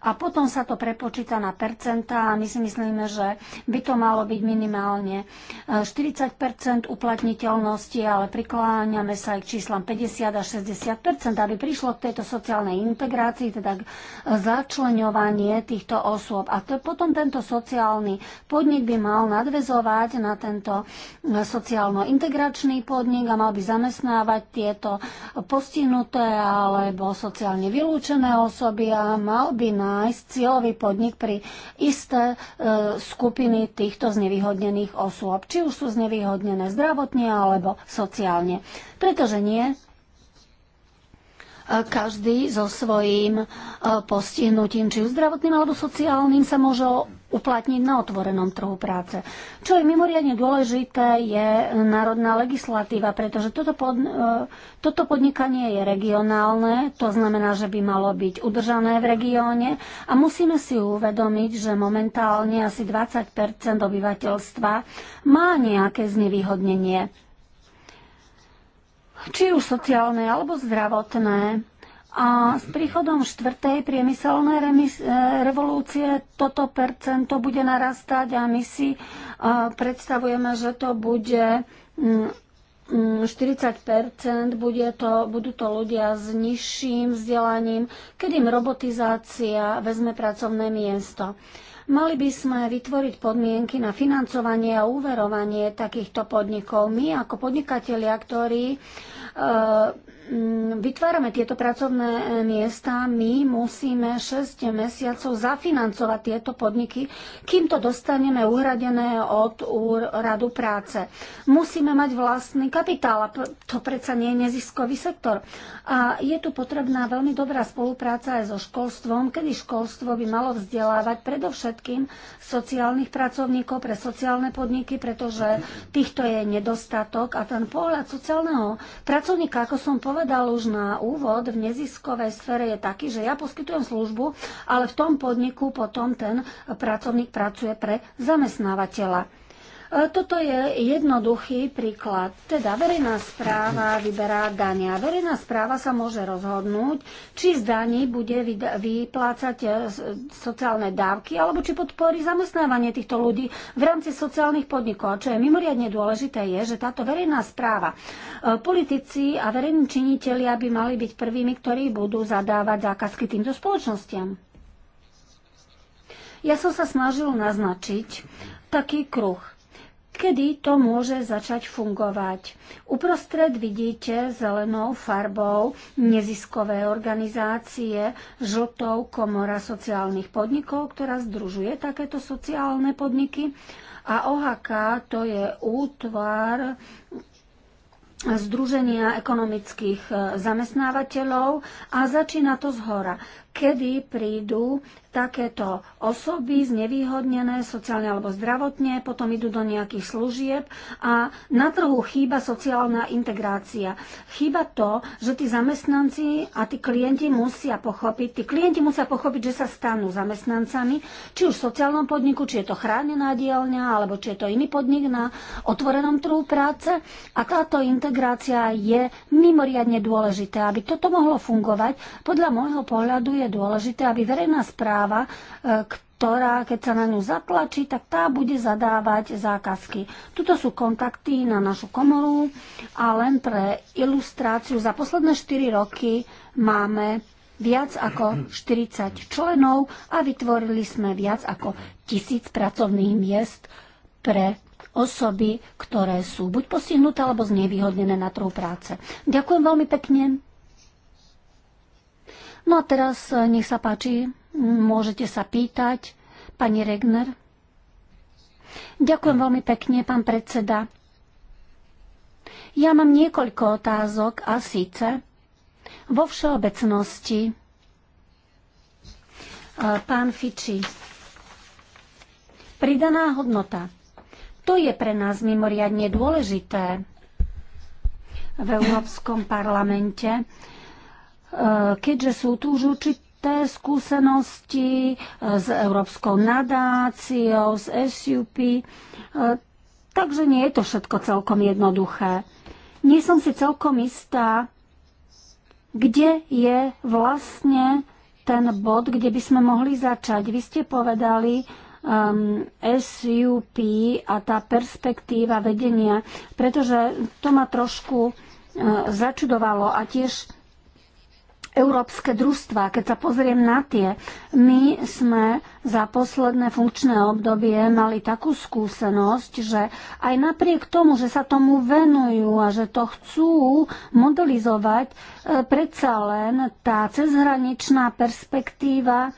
A potom sa to prepočíta na percentá a my si myslíme, že by to malo byť minimálne 40 e, uplatnenia uplatniteľnosti, ale prikláňame sa aj k číslam 50 až 60 aby prišlo k tejto sociálnej integrácii, teda k začleňovanie týchto osôb. A to, potom tento sociálny podnik by mal nadvezovať na tento sociálno-integračný podnik a mal by zamestnávať tieto postihnuté alebo sociálne vylúčené osoby a mal by nájsť cieľový podnik pri isté e, skupiny týchto znevýhodnených osôb. Či už sú znevýhodnené zdravotné, zdravotne alebo sociálne. Pretože nie, e, každý so svojím e, postihnutím, či už zdravotným alebo sociálnym, sa môže uplatniť na otvorenom trhu práce. Čo je mimoriadne dôležité, je národná legislatíva, pretože toto, pod, e, toto podnikanie je regionálne, to znamená, že by malo byť udržané v regióne a musíme si uvedomiť, že momentálne asi 20 obyvateľstva má nejaké znevýhodnenie či už sociálne alebo zdravotné. A s príchodom štvrtej priemyselnej e, revolúcie toto percento bude narastať a my si e, predstavujeme, že to bude 40 mm, mm, bude to, budú to ľudia s nižším vzdelaním, kedy im robotizácia vezme pracovné miesto. Mali by sme vytvoriť podmienky na financovanie a úverovanie takýchto podnikov. My ako podnikatelia, ktorí e, Mm, vytvárame tieto pracovné e, miesta, my musíme 6 mesiacov zafinancovať tieto podniky, kým to dostaneme uhradené od úradu práce. Musíme mať vlastný kapitál a to predsa nie je neziskový sektor. A je tu potrebná veľmi dobrá spolupráca aj so školstvom, kedy školstvo by malo vzdelávať predovšetkým sociálnych pracovníkov pre sociálne podniky, pretože týchto je nedostatok a ten pohľad sociálneho pracovníka, ako som povedal, povedal už na úvod, v neziskovej sfére je taký, že ja poskytujem službu, ale v tom podniku potom ten pracovník pracuje pre zamestnávateľa. E, toto je jednoduchý príklad. Teda verejná správa vyberá dania. Verejná správa sa môže rozhodnúť, či z daní bude vyplácať e, sociálne dávky, alebo či podporí zamestnávanie týchto ľudí v rámci sociálnych podnikov. A čo je mimoriadne dôležité, je, že táto verejná správa, e, politici a verejní činitelia by mali byť prvými, ktorí budú zadávať zákazky týmto spoločnostiam. Ja som sa snažil naznačiť taký kruh kedy to môže začať fungovať. Uprostred vidíte zelenou farbou neziskové organizácie, žltou komora sociálnych podnikov, ktorá združuje takéto sociálne podniky. A OHK to je útvar Združenia ekonomických e, zamestnávateľov a začína to z hora kedy prídu takéto osoby znevýhodnené sociálne alebo zdravotne, potom idú do nejakých služieb a na trhu chýba sociálna integrácia. Chýba to, že tí zamestnanci a tí klienti musia pochopiť, tí klienti musia pochopiť, že sa stanú zamestnancami, či už v sociálnom podniku, či je to chránená dielňa, alebo či je to iný podnik na otvorenom trhu práce. A táto integrácia je mimoriadne dôležitá. Aby toto mohlo fungovať, podľa môjho pohľadu je je dôležité, aby verejná správa, e, ktorá, keď sa na ňu zatlačí, tak tá bude zadávať zákazky. Tuto sú kontakty na našu komoru a len pre ilustráciu za posledné 4 roky máme viac ako 40 členov a vytvorili sme viac ako tisíc pracovných miest pre osoby, ktoré sú buď postihnuté alebo znevýhodnené na trhu práce. Ďakujem veľmi pekne. No a teraz e, nech sa páči, môžete sa pýtať, pani Regner. Ďakujem veľmi pekne, pán predseda. Ja mám niekoľko otázok a síce vo všeobecnosti. E, pán Fiči, pridaná hodnota. To je pre nás mimoriadne dôležité v Európskom parlamente Eh, keďže sú tu už určité skúsenosti eh, s Európskou nadáciou, s SUP, eh, takže nie je to všetko celkom jednoduché. Nie som si celkom istá, kde je vlastne ten bod, kde by sme mohli začať. Vy ste povedali, um, ehm, SUP a tá perspektíva vedenia, pretože to ma trošku uh, začudovalo a tiež európske družstva. Keď sa pozriem na tie, my sme za posledné funkčné obdobie mali takú skúsenosť, že aj napriek tomu, že sa tomu venujú a že to chcú modelizovať, e, predsa len tá cezhraničná perspektíva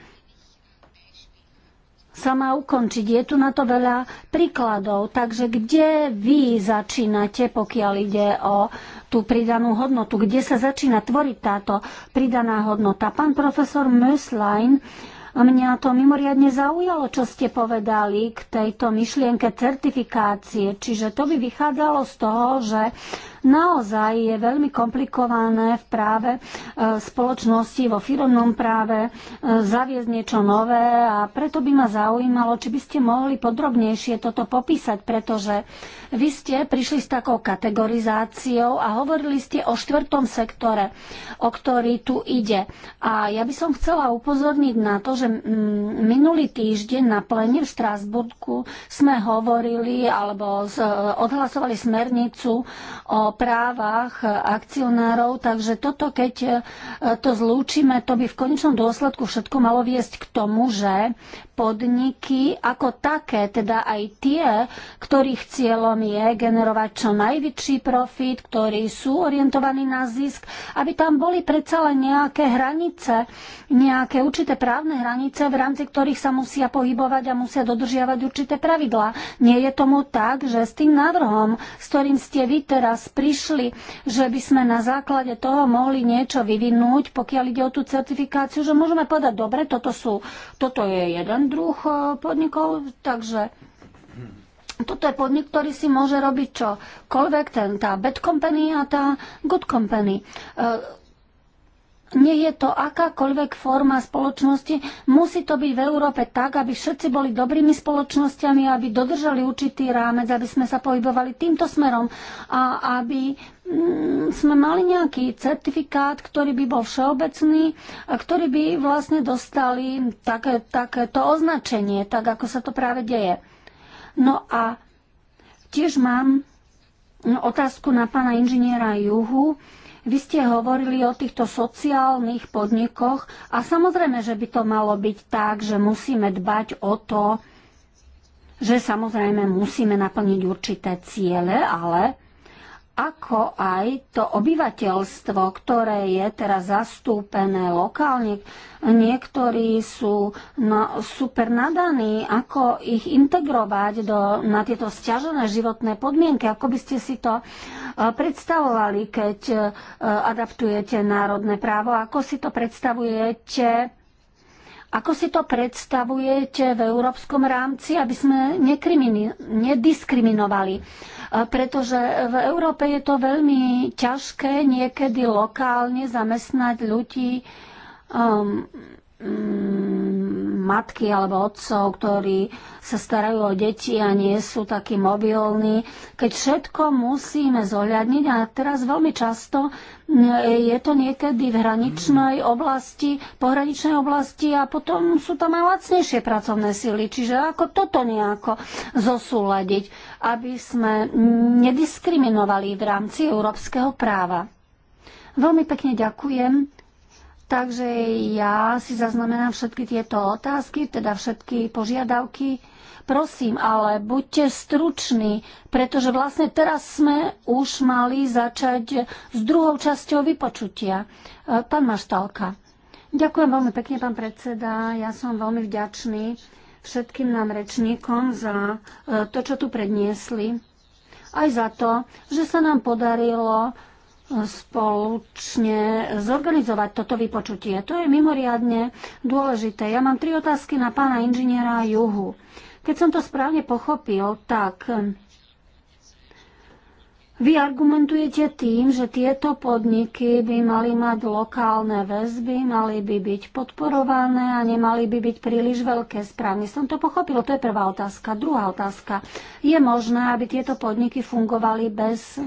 sa má ukončiť. Je tu na to veľa príkladov, takže kde vy začínate, pokiaľ ide o tú pridanú hodnotu, kde sa začína tvoriť táto pridaná hodnota. Pán profesor Möslein, mňa to mimoriadne zaujalo, čo ste povedali k tejto myšlienke certifikácie. Čiže to by vychádzalo z toho, že naozaj je veľmi komplikované v práve e, spoločnosti, vo firmnom práve e, zaviesť niečo nové a preto by ma zaujímalo, či by ste mohli podrobnejšie toto popísať, pretože vy ste prišli s takou kategorizáciou a hovorili ste o štvrtom sektore, o ktorý tu ide. A ja by som chcela upozorniť na to, že minulý týždeň na plene v Štrásburgu sme hovorili alebo e, odhlasovali smernicu o právach akcionárov, takže toto, keď e, to zlúčime, to by v konečnom dôsledku všetko malo viesť k tomu, že podniky ako také, teda aj tie, ktorých cieľom je generovať čo najväčší profit, ktorí sú orientovaní na zisk, aby tam boli predsa len nejaké hranice, nejaké určité právne hranice, v rámci ktorých sa musia pohybovať a musia dodržiavať určité pravidlá. Nie je tomu tak, že s tým návrhom, s ktorým ste vy teraz prišli, že by sme na základe toho mohli niečo vyvinúť, pokiaľ ide o tú certifikáciu, že môžeme povedať, dobre, toto, sú, toto je jeden druh e, podnikov, takže toto je podnik, ktorý si môže robiť čokoľvek, ten, tá bad company a tá good company. Nie je to akákoľvek forma spoločnosti, musí to byť v Európe tak, aby všetci boli dobrými spoločnosťami, aby dodržali určitý rámec, aby sme sa pohybovali týmto smerom a aby Mm, sme mali nejaký certifikát, ktorý by bol všeobecný a ktorý by vlastne dostali také, to označenie, tak ako sa to práve deje. No a tiež mám otázku na pána inžiniera Juhu. Vy ste hovorili o týchto sociálnych podnikoch a samozrejme, že by to malo byť tak, že musíme dbať o to, že samozrejme musíme naplniť určité ciele, ale ako aj to obyvateľstvo, ktoré je teraz zastúpené lokálne. Niektorí sú no, super nadaní, ako ich integrovať do, na tieto stiažené životné podmienky. Ako by ste si to e, predstavovali, keď e, adaptujete národné právo? Ako si to predstavujete ako si to predstavujete v európskom rámci, aby sme nediskriminovali? E, pretože v Európe je to veľmi ťažké niekedy lokálne zamestnať ľudí um, um, matky alebo otcov, ktorí sa starajú o deti a nie sú takí mobilní, keď všetko musíme zohľadniť a teraz veľmi často e, je to niekedy v hraničnej oblasti, pohraničnej oblasti a potom sú tam aj lacnejšie pracovné sily. Čiže ako toto nejako zosúľadiť, aby sme nediskriminovali v rámci európskeho práva. Veľmi pekne ďakujem. Takže ja si zaznamenám všetky tieto otázky, teda všetky požiadavky. Prosím, ale buďte struční, pretože vlastne teraz sme už mali začať s druhou časťou vypočutia. E, pán Maštalka. Ďakujem veľmi pekne, pán predseda. Ja som veľmi vďačný všetkým nám rečníkom za e, to, čo tu predniesli. Aj za to, že sa nám podarilo spoločne zorganizovať toto vypočutie. To je mimoriadne dôležité. Ja mám tri otázky na pána inžiniera Juhu. Keď som to správne pochopil, tak hm, vy argumentujete tým, že tieto podniky by mali mať lokálne väzby, mali by byť podporované a nemali by byť príliš veľké. Správne som to pochopil. To je prvá otázka. Druhá otázka. Je možné, aby tieto podniky fungovali bez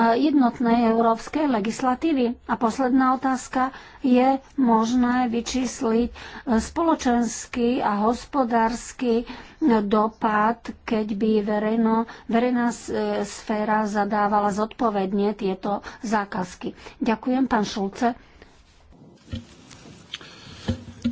jednotnej európskej legislatívy. A posledná otázka, je možné vyčísliť e, spoločenský a hospodársky dopad, keď by verejno, verejná e, sféra zadávala zodpovedne tieto zákazky. Ďakujem, pán Šulce.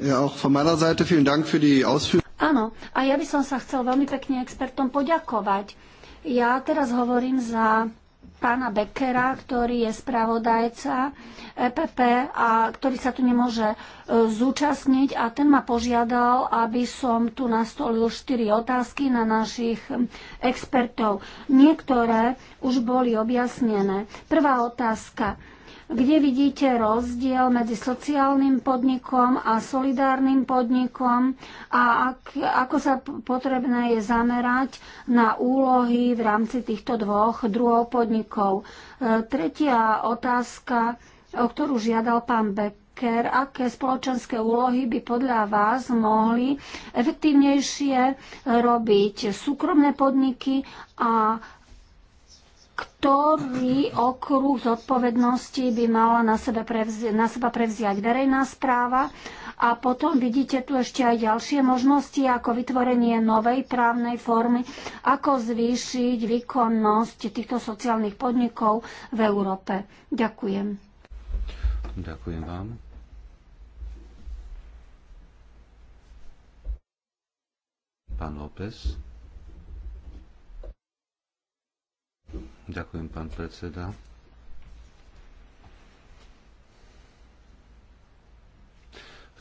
Ja, auch von meiner Seite vielen Dank für die Ausführung. Áno, a ja by som sa chcel veľmi pekne expertom poďakovať. Ja teraz hovorím za pána Beckera, ktorý je spravodajca EPP a ktorý sa tu nemôže e, zúčastniť a ten ma požiadal, aby som tu nastolil štyri otázky na našich expertov. Niektoré už boli objasnené. Prvá otázka kde vidíte rozdiel medzi sociálnym podnikom a solidárnym podnikom a ak, ako sa potrebné je zamerať na úlohy v rámci týchto dvoch druhov podnikov. E, tretia otázka, o ktorú žiadal pán Beck, aké spoločenské úlohy by podľa vás mohli efektívnejšie robiť súkromné podniky a ktorý okruh zodpovednosti by mala na, seba, prevzi- na seba prevziať verejná správa a potom vidíte tu ešte aj ďalšie možnosti, ako vytvorenie novej právnej formy, ako zvýšiť výkonnosť týchto sociálnych podnikov v Európe. Ďakujem. Ďakujem vám. Pán López. Ďakujem, pán predseda.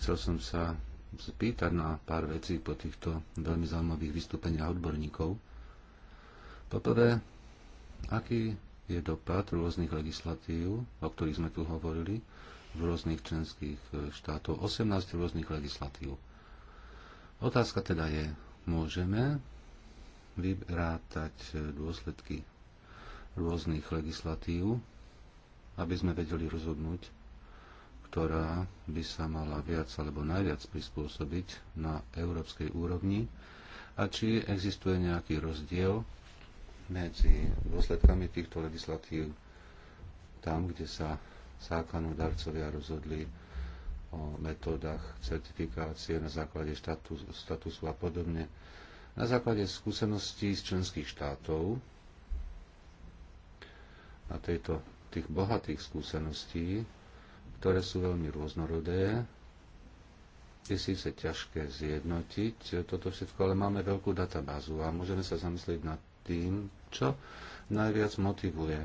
Chcel som sa spýtať na pár vecí po týchto veľmi zaujímavých vystúpeniach odborníkov. Poprvé, aký je dopad rôznych legislatív, o ktorých sme tu hovorili, v rôznych členských e, štátov, 18 rôznych legislatív. Otázka teda je, môžeme vyrátať e, dôsledky rôznych legislatív, aby sme vedeli rozhodnúť, ktorá by sa mala viac alebo najviac prispôsobiť na európskej úrovni a či existuje nejaký rozdiel medzi dôsledkami týchto legislatív tam, kde sa zákonodarcovia rozhodli o metódach certifikácie na základe status, statusu a podobne. Na základe skúseností z členských štátov na tejto, tých bohatých skúseností, ktoré sú veľmi rôznorodé. Je síce ťažké zjednotiť toto všetko, ale máme veľkú databázu a môžeme sa zamyslieť nad tým, čo najviac motivuje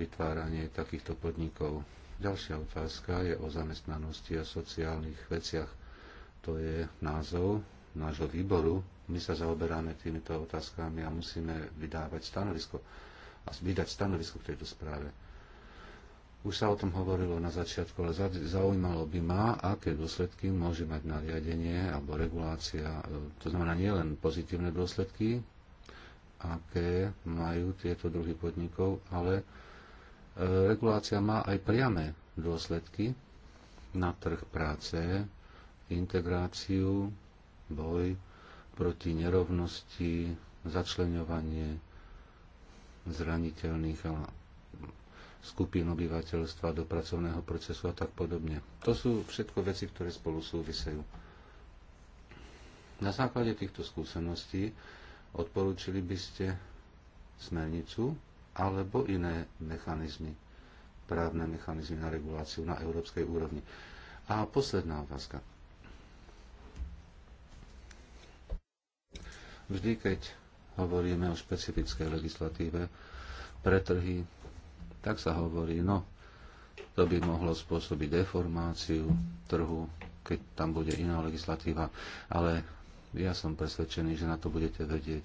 vytváranie takýchto podnikov. Ďalšia otázka je o zamestnanosti a sociálnych veciach. To je názov nášho výboru. My sa zaoberáme týmito otázkami a musíme vydávať stanovisko a vydať stanovisko k tejto správe. Už sa o tom hovorilo na začiatku, ale zaujímalo by ma, aké dôsledky môže mať nariadenie alebo regulácia. E, to znamená nielen pozitívne dôsledky, aké majú tieto druhy podnikov, ale e, regulácia má aj priame dôsledky na trh práce, integráciu, boj proti nerovnosti, začleňovanie zraniteľných skupín obyvateľstva do pracovného procesu a tak podobne. To sú všetko veci, ktoré spolu súvisejú. Na základe týchto skúseností odporúčili by ste smernicu alebo iné mechanizmy, právne mechanizmy na reguláciu na európskej úrovni. A posledná otázka. Vždy, keď hovoríme o špecifickej legislatíve pre trhy, tak sa hovorí, no to by mohlo spôsobiť deformáciu trhu, keď tam bude iná legislatíva, ale ja som presvedčený, že na to budete vedieť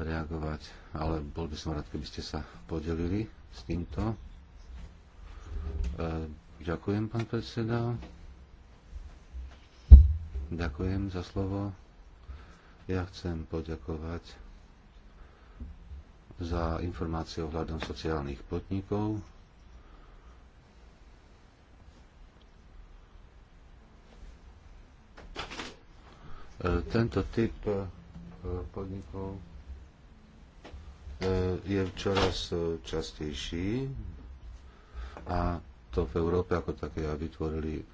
reagovať, ale bol by som rád, keby ste sa podelili s týmto. E, ďakujem, pán predseda. Ďakujem za slovo. Ja chcem poďakovať za informácie ohľadom sociálnych podnikov. E, tento typ e, podnikov e, je čoraz častejší a to v Európe ako také vytvorili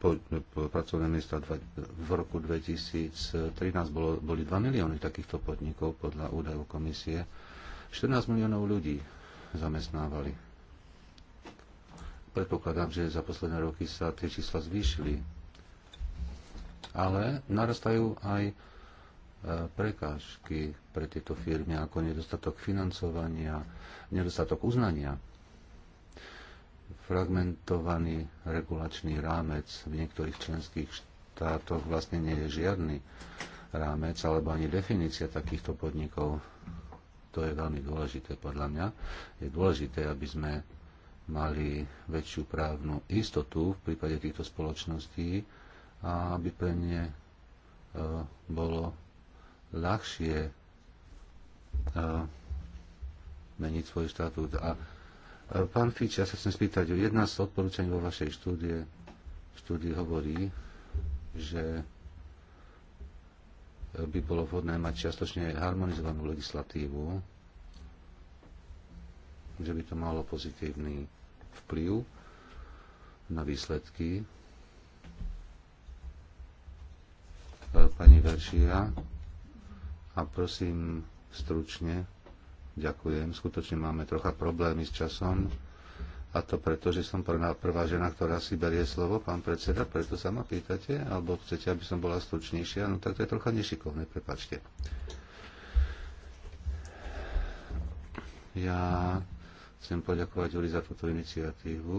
po, po, pracovné miesta dva, v roku 2013 bolo, boli 2 milióny takýchto podnikov podľa údajov komisie. 14 miliónov ľudí zamestnávali. Predpokladám, že za posledné roky sa tie čísla zvýšili. Ale narastajú aj e, prekážky pre tieto firmy, ako nedostatok financovania, nedostatok uznania fragmentovaný regulačný rámec v niektorých členských štátoch vlastne nie je žiadny rámec alebo ani definícia takýchto podnikov. To je veľmi dôležité podľa mňa. Je dôležité, aby sme mali väčšiu právnu istotu v prípade týchto spoločností a aby pre ne bolo ľahšie e, meniť svoj štatút. A Pán Fič, ja sa chcem spýtať, jedna z odporúčaní vo vašej štúdie, štúdii hovorí, že by bolo vhodné mať čiastočne harmonizovanú legislatívu, že by to malo pozitívny vplyv na výsledky. Pani Veršia, a prosím stručne, Ďakujem. Skutočne máme trocha problémy s časom. A to preto, že som prvá žena, ktorá si berie slovo, pán predseda, preto sa ma pýtate, alebo chcete, aby som bola stručnejšia, no tak to je trocha nešikovné, prepačte. Ja chcem poďakovať Juli za túto iniciatívu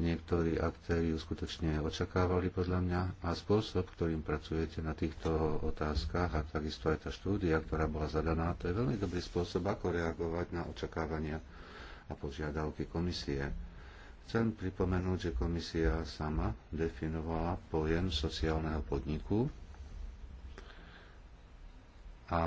niektorí aktéri skutočne očakávali podľa mňa a spôsob, ktorým pracujete na týchto otázkach a takisto aj tá štúdia, ktorá bola zadaná, to je veľmi dobrý spôsob, ako reagovať na očakávania a požiadavky komisie. Chcem pripomenúť, že komisia sama definovala pojem sociálneho podniku a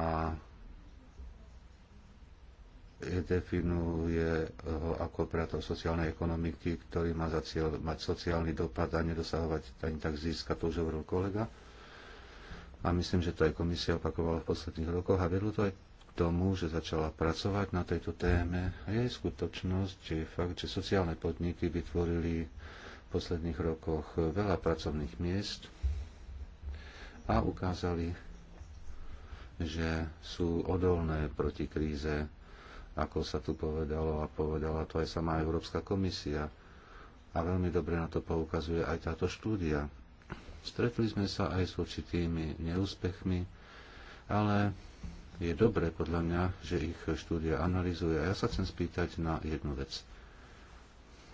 definuje ho ako operátor sociálnej ekonomiky, ktorý má za cieľ mať sociálny dopad a nedosahovať ani tak získa, to už hovoril kolega. A myslím, že to aj komisia opakovala v posledných rokoch a vedlo to aj k tomu, že začala pracovať na tejto téme. A je skutočnosť, že fakt, že sociálne podniky vytvorili v posledných rokoch veľa pracovných miest a ukázali, že sú odolné proti kríze ako sa tu povedalo a povedala to aj sama Európska komisia. A veľmi dobre na to poukazuje aj táto štúdia. Stretli sme sa aj s určitými neúspechmi, ale je dobre podľa mňa, že ich štúdia analýzuje. A ja sa chcem spýtať na jednu vec.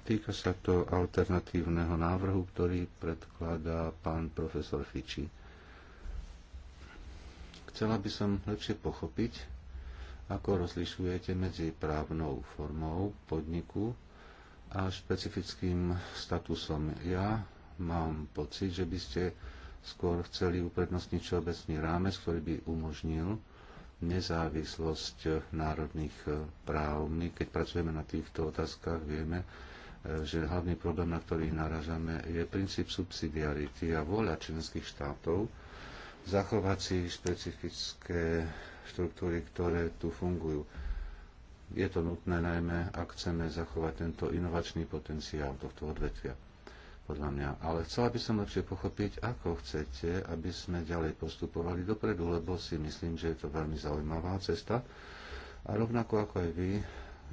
Týka sa to alternatívneho návrhu, ktorý predkladá pán profesor Fiči. Chcela by som lepšie pochopiť, ako rozlišujete medzi právnou formou podniku a špecifickým statusom? Ja mám pocit, že by ste skôr chceli uprednostniť všeobecný rámec, ktorý by umožnil nezávislosť národných eh, práv. My, keď pracujeme na týchto otázkach, vieme, eh, že hlavný problém, na ktorý naražame, je princíp subsidiarity a voľa členských štátov zachovať si špecifické štruktúry, ktoré tu fungujú. Je to nutné najmä, ak chceme zachovať tento inovačný potenciál tohto odvetvia, podľa mňa. Ale chcela by som lepšie pochopiť, ako chcete, aby sme ďalej postupovali dopredu, lebo si myslím, že je to veľmi zaujímavá cesta. A rovnako ako aj vy,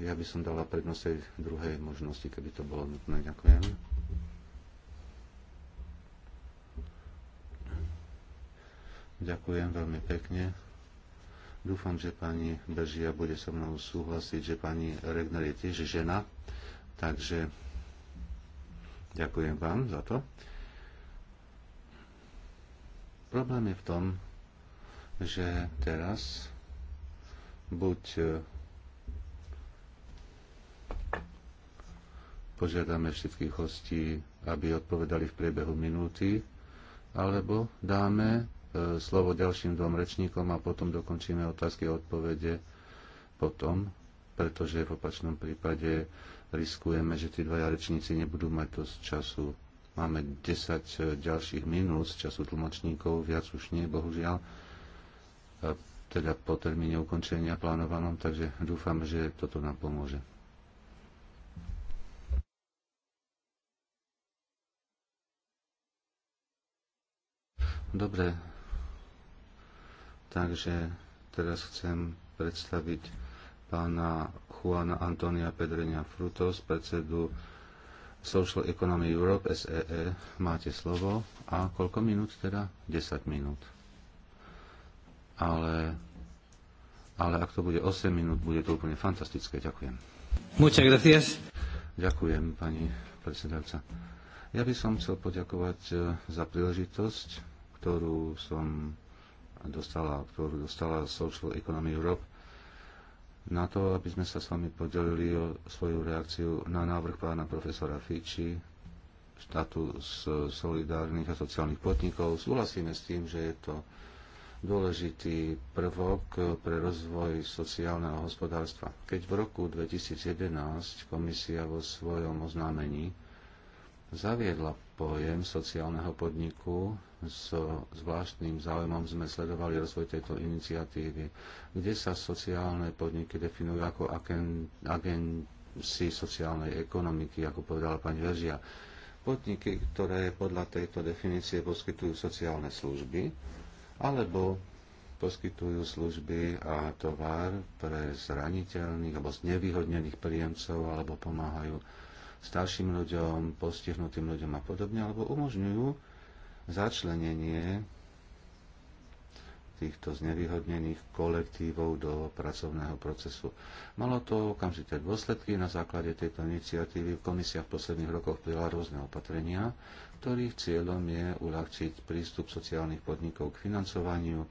ja by som dala prednosť aj druhej možnosti, keby to bolo nutné. Ďakujem. Ďakujem veľmi pekne. Dúfam, že pani Bežia bude so mnou súhlasiť, že pani Regner je tiež žena, takže ďakujem vám za to. Problém je v tom, že teraz buď eh, požiadame všetkých hostí, aby odpovedali v priebehu minúty, alebo dáme E, slovo ďalším dvom rečníkom a potom dokončíme otázky a odpovede potom, pretože v opačnom prípade riskujeme, že tí dvaja rečníci nebudú mať z času. Máme 10 e, ďalších minút z času tlmočníkov, viac už nie, bohužiaľ, teda po termíne ukončenia plánovanom, takže dúfam, že toto nám pomôže. Dobre, Takže teraz chcem predstaviť pána Juana Antonia Pedreňa Frutos, predsedu Social Economy Europe, SEE. E. Máte slovo. A koľko minút teda? 10 minút. Ale, ale ak to bude 8 minút, bude to úplne fantastické. Ďakujem. Muchas gracias. Ďakujem, pani predsedajúca. Ja by som chcel poďakovať eh, za príležitosť, ktorú som dostala, ktorú dostala Social Economy Europe, na to, aby sme sa s vami podelili o svoju reakciu na návrh pána profesora Fiči, z solidárnych a sociálnych podnikov. Súhlasíme s tým, že je to dôležitý prvok pre rozvoj sociálneho hospodárstva. Keď v roku 2011 komisia vo svojom oznámení zaviedla pojem sociálneho podniku so zvláštnym záujmom sme sledovali rozvoj tejto iniciatívy, kde sa sociálne podniky definujú ako agenci sociálnej ekonomiky, ako povedala pani Veržia. Podniky, ktoré podľa tejto definície poskytujú sociálne služby alebo poskytujú služby a tovar pre zraniteľných alebo znevýhodnených príjemcov alebo pomáhajú starším ľuďom, postihnutým ľuďom a podobne, alebo umožňujú začlenenie týchto znevýhodnených kolektívov do pracovného procesu. Malo to okamžité dôsledky. Na základe tejto iniciatívy komisia v posledných rokoch prijala rôzne opatrenia, ktorých cieľom je uľahčiť prístup sociálnych podnikov k financovaniu,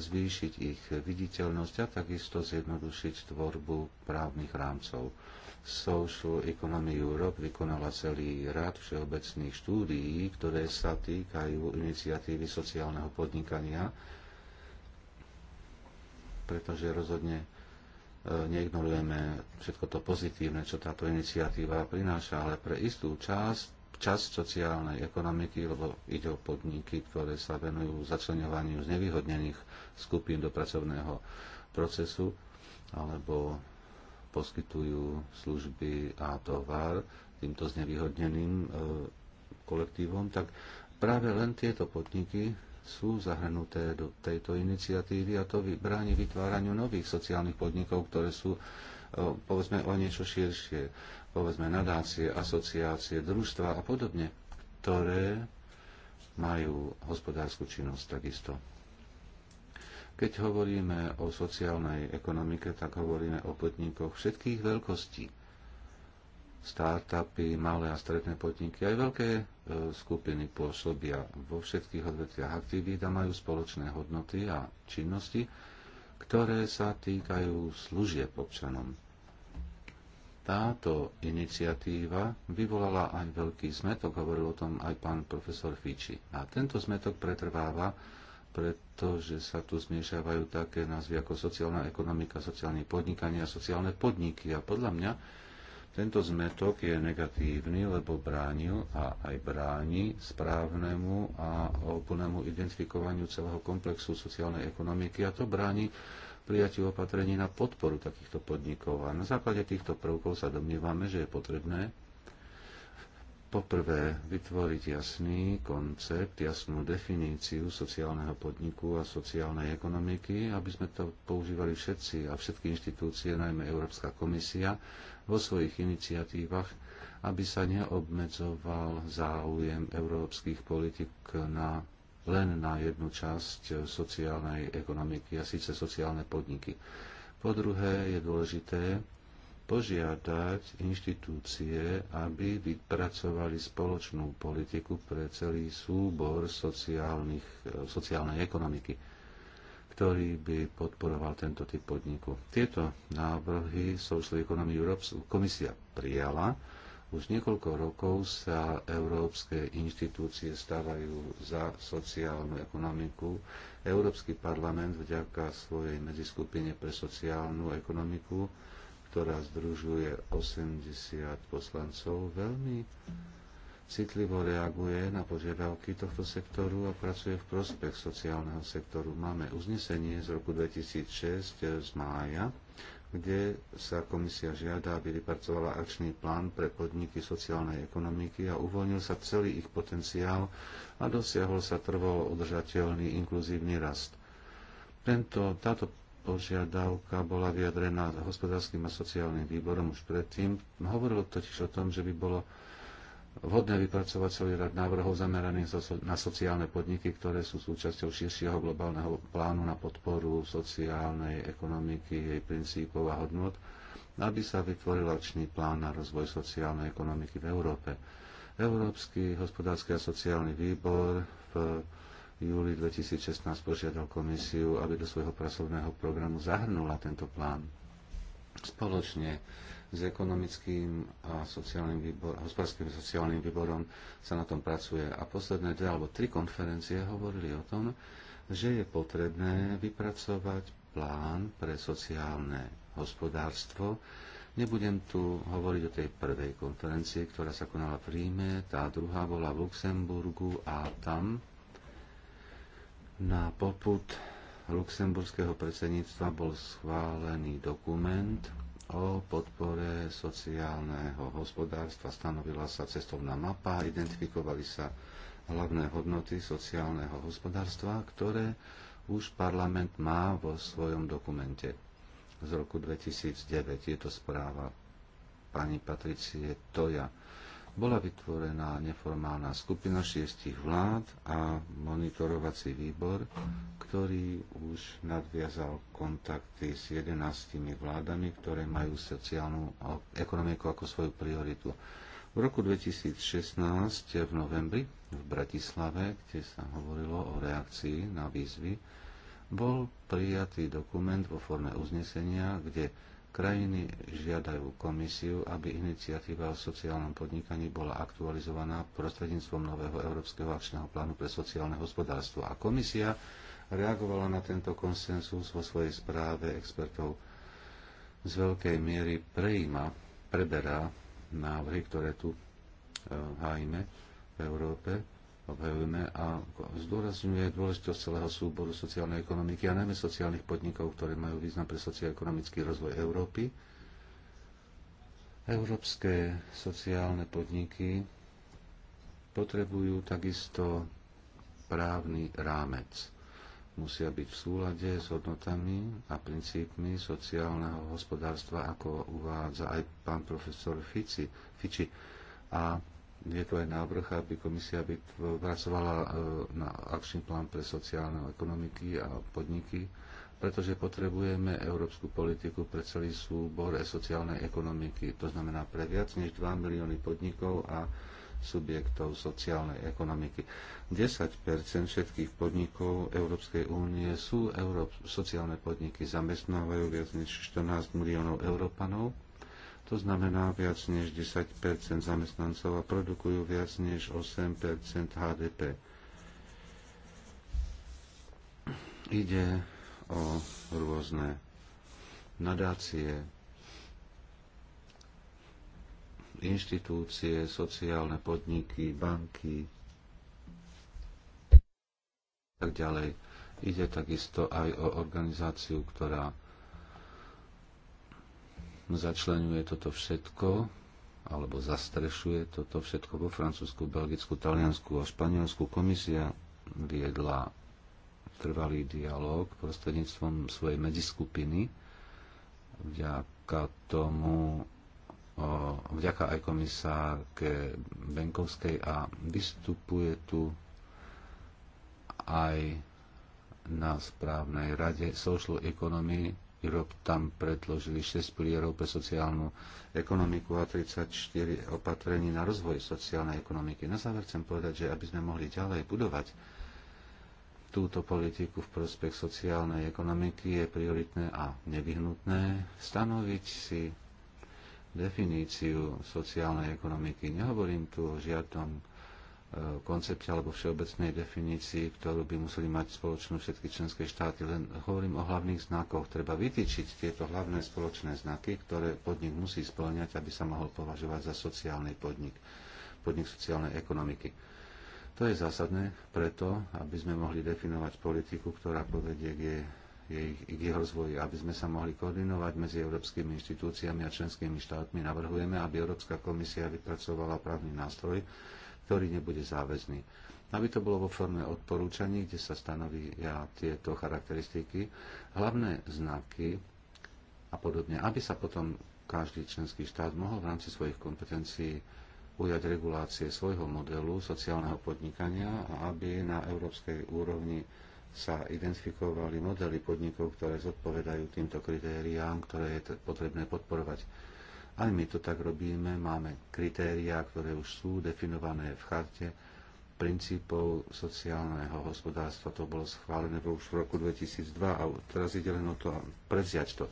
zvýšiť ich viditeľnosť a takisto zjednodušiť tvorbu právnych rámcov. Social Economy Europe vykonala celý rad všeobecných štúdií, ktoré sa týkajú iniciatívy sociálneho podnikania, pretože rozhodne e, neignorujeme všetko to pozitívne, čo táto iniciatíva prináša, ale pre istú časť, časť sociálnej ekonomiky, lebo ide o podniky, ktoré sa venujú začlenovaniu znevýhodnených skupín do pracovného procesu, alebo poskytujú služby a tovar týmto znevýhodneným e, kolektívom, tak práve len tieto podniky sú zahrnuté do tejto iniciatívy a to bráni vytváraniu nových sociálnych podnikov, ktoré sú e, povedzme o niečo širšie, povedzme nadácie, asociácie, družstva a podobne, ktoré majú hospodárskú činnosť takisto. Keď hovoríme o sociálnej ekonomike, tak hovoríme o podnikoch všetkých veľkostí. Startupy, malé a stredné podniky, aj veľké e, skupiny pôsobia vo všetkých odvetviach aktivít a majú spoločné hodnoty a činnosti, ktoré sa týkajú služieb občanom. Táto iniciatíva vyvolala aj veľký zmetok, hovoril o tom aj pán profesor Fiči. A tento zmetok pretrváva pretože sa tu zmiešavajú také názvy ako sociálna ekonomika, sociálne podnikanie a sociálne podniky. A podľa mňa tento zmetok je negatívny, lebo bránil a aj bráni správnemu a úplnému identifikovaniu celého komplexu sociálnej ekonomiky a to bráni prijatiu opatrení na podporu takýchto podnikov. A na základe týchto prvkov sa domnievame, že je potrebné poprvé vytvoriť jasný koncept, jasnú definíciu sociálneho podniku a sociálnej ekonomiky, aby sme to používali všetci a všetky inštitúcie, najmä Európska komisia, vo svojich iniciatívach, aby sa neobmedzoval záujem európskych politik na, len na jednu časť sociálnej ekonomiky, a síce sociálne podniky. Po druhé je dôležité požiadať inštitúcie, aby vypracovali spoločnú politiku pre celý súbor eh, sociálnej ekonomiky, ktorý by podporoval tento typ podniku. Tieto návrhy Social Economy Europe komisia prijala. Už niekoľko rokov sa európske inštitúcie stávajú za sociálnu ekonomiku. Európsky parlament vďaka svojej medziskupine pre sociálnu ekonomiku ktorá združuje 80 poslancov, veľmi citlivo reaguje na požiadavky tohto sektoru a pracuje v prospech sociálneho sektoru. Máme uznesenie z roku 2006 z mája, kde sa komisia žiada, aby vypracovala akčný plán pre podniky sociálnej ekonomiky a uvoľnil sa celý ich potenciál a dosiahol sa trvalo udržateľný inkluzívny rast. Tento, táto požiadavka bola vyjadrená hospodárskym a sociálnym výborom už predtým. Hovorilo totiž o tom, že by bolo vhodné vypracovať celý rad návrhov zameraných na sociálne podniky, ktoré sú súčasťou širšieho globálneho plánu na podporu sociálnej ekonomiky, jej princípov a hodnot, aby sa vytvoril akčný plán na rozvoj sociálnej ekonomiky v Európe. Európsky hospodársky a sociálny výbor v júli 2016 požiadal komisiu, aby do svojho pracovného programu zahrnula tento plán spoločne s ekonomickým a sociálnym výbor, hospodárským a sociálnym výborom sa na tom pracuje. A posledné dve alebo tri konferencie hovorili o tom, že je potrebné vypracovať plán pre sociálne hospodárstvo. Nebudem tu hovoriť o tej prvej konferencii, ktorá sa konala v Ríme, tá druhá bola v Luxemburgu a tam na poput luxemburského predsedníctva bol schválený dokument o podpore sociálneho hospodárstva. Stanovila sa cestovná mapa, identifikovali sa hlavné hodnoty sociálneho hospodárstva, ktoré už parlament má vo svojom dokumente z roku 2009. Je to správa pani Patricie Toja bola vytvorená neformálna skupina šiestich vlád a monitorovací výbor, ktorý už nadviazal kontakty s 11 vládami, ktoré majú sociálnu ekonomiku ako svoju prioritu. V roku 2016 v novembri v Bratislave, kde sa hovorilo o reakcii na výzvy, bol prijatý dokument vo forme uznesenia, kde Krajiny žiadajú komisiu, aby iniciatíva o sociálnom podnikaní bola aktualizovaná prostredníctvom nového Európskeho akčného plánu pre sociálne hospodárstvo. A komisia reagovala na tento konsensus vo svojej správe expertov z veľkej miery prejíma, preberá návrhy, ktoré tu e, hájime v Európe obhajujeme a zdôrazňuje dôležitosť celého súboru sociálnej ekonomiky a najmä sociálnych podnikov, ktoré majú význam pre socioekonomický rozvoj Európy. Európske sociálne podniky potrebujú takisto právny rámec. Musia byť v súlade s hodnotami a princípmi sociálneho hospodárstva, ako uvádza aj pán profesor Fici, Fiči. A je to aj návrh, aby komisia pracovala e, na akčný plán pre sociálne ekonomiky a podniky, pretože potrebujeme európsku politiku pre celý súbor e, sociálnej ekonomiky, to znamená pre viac než 2 milióny podnikov a subjektov sociálnej ekonomiky. 10 všetkých podnikov Európskej únie sú Európ- sociálne podniky, zamestnávajú viac než 14 miliónov Európanov to znamená viac než 10 zamestnancov a produkujú viac než 8 HDP. Ide o rôzne nadácie, inštitúcie, sociálne podniky, banky a tak ďalej. Ide takisto aj o organizáciu, ktorá začlenuje toto všetko, alebo zastrešuje toto všetko vo Francúzsku, Belgicku, Taliansku a Španielsku. Komisia viedla trvalý dialog prostredníctvom svojej medziskupiny. Vďaka tomu vďaka aj komisárke Benkovskej a vystupuje tu aj na správnej rade Social Economy Europe tam predložili 6 pilierov pre sociálnu ekonomiku a 34 opatrení na rozvoj sociálnej ekonomiky. Na záver chcem povedať, že aby sme mohli ďalej budovať túto politiku v prospech sociálnej ekonomiky je prioritné a nevyhnutné stanoviť si definíciu sociálnej ekonomiky. Nehovorím tu o žiadnom koncepte alebo všeobecnej definícii, ktorú by museli mať spoločnú všetky členské štáty. Len hovorím o hlavných znakoch. Treba vytýčiť tieto hlavné spoločné znaky, ktoré podnik musí splňať, aby sa mohol považovať za sociálny podnik, podnik sociálnej ekonomiky. To je zásadné preto, aby sme mohli definovať politiku, ktorá povedie k jej k jeho rozvoji, aby sme sa mohli koordinovať medzi európskymi inštitúciami a členskými štátmi. Navrhujeme, aby Európska komisia vypracovala právny nástroj, ktorý nebude záväzný. Aby to bolo vo forme odporúčaní, kde sa stanovia tieto charakteristiky, hlavné znaky a podobne, aby sa potom každý členský štát mohol v rámci svojich kompetencií ujať regulácie svojho modelu sociálneho podnikania a aby na európskej úrovni sa identifikovali modely podnikov, ktoré zodpovedajú týmto kritériám, ktoré je potrebné podporovať. Aj my to tak robíme, máme kritériá, ktoré už sú definované v charte princípov sociálneho hospodárstva. To bolo schválené už v roku 2002 a teraz ide len o to prevziať to.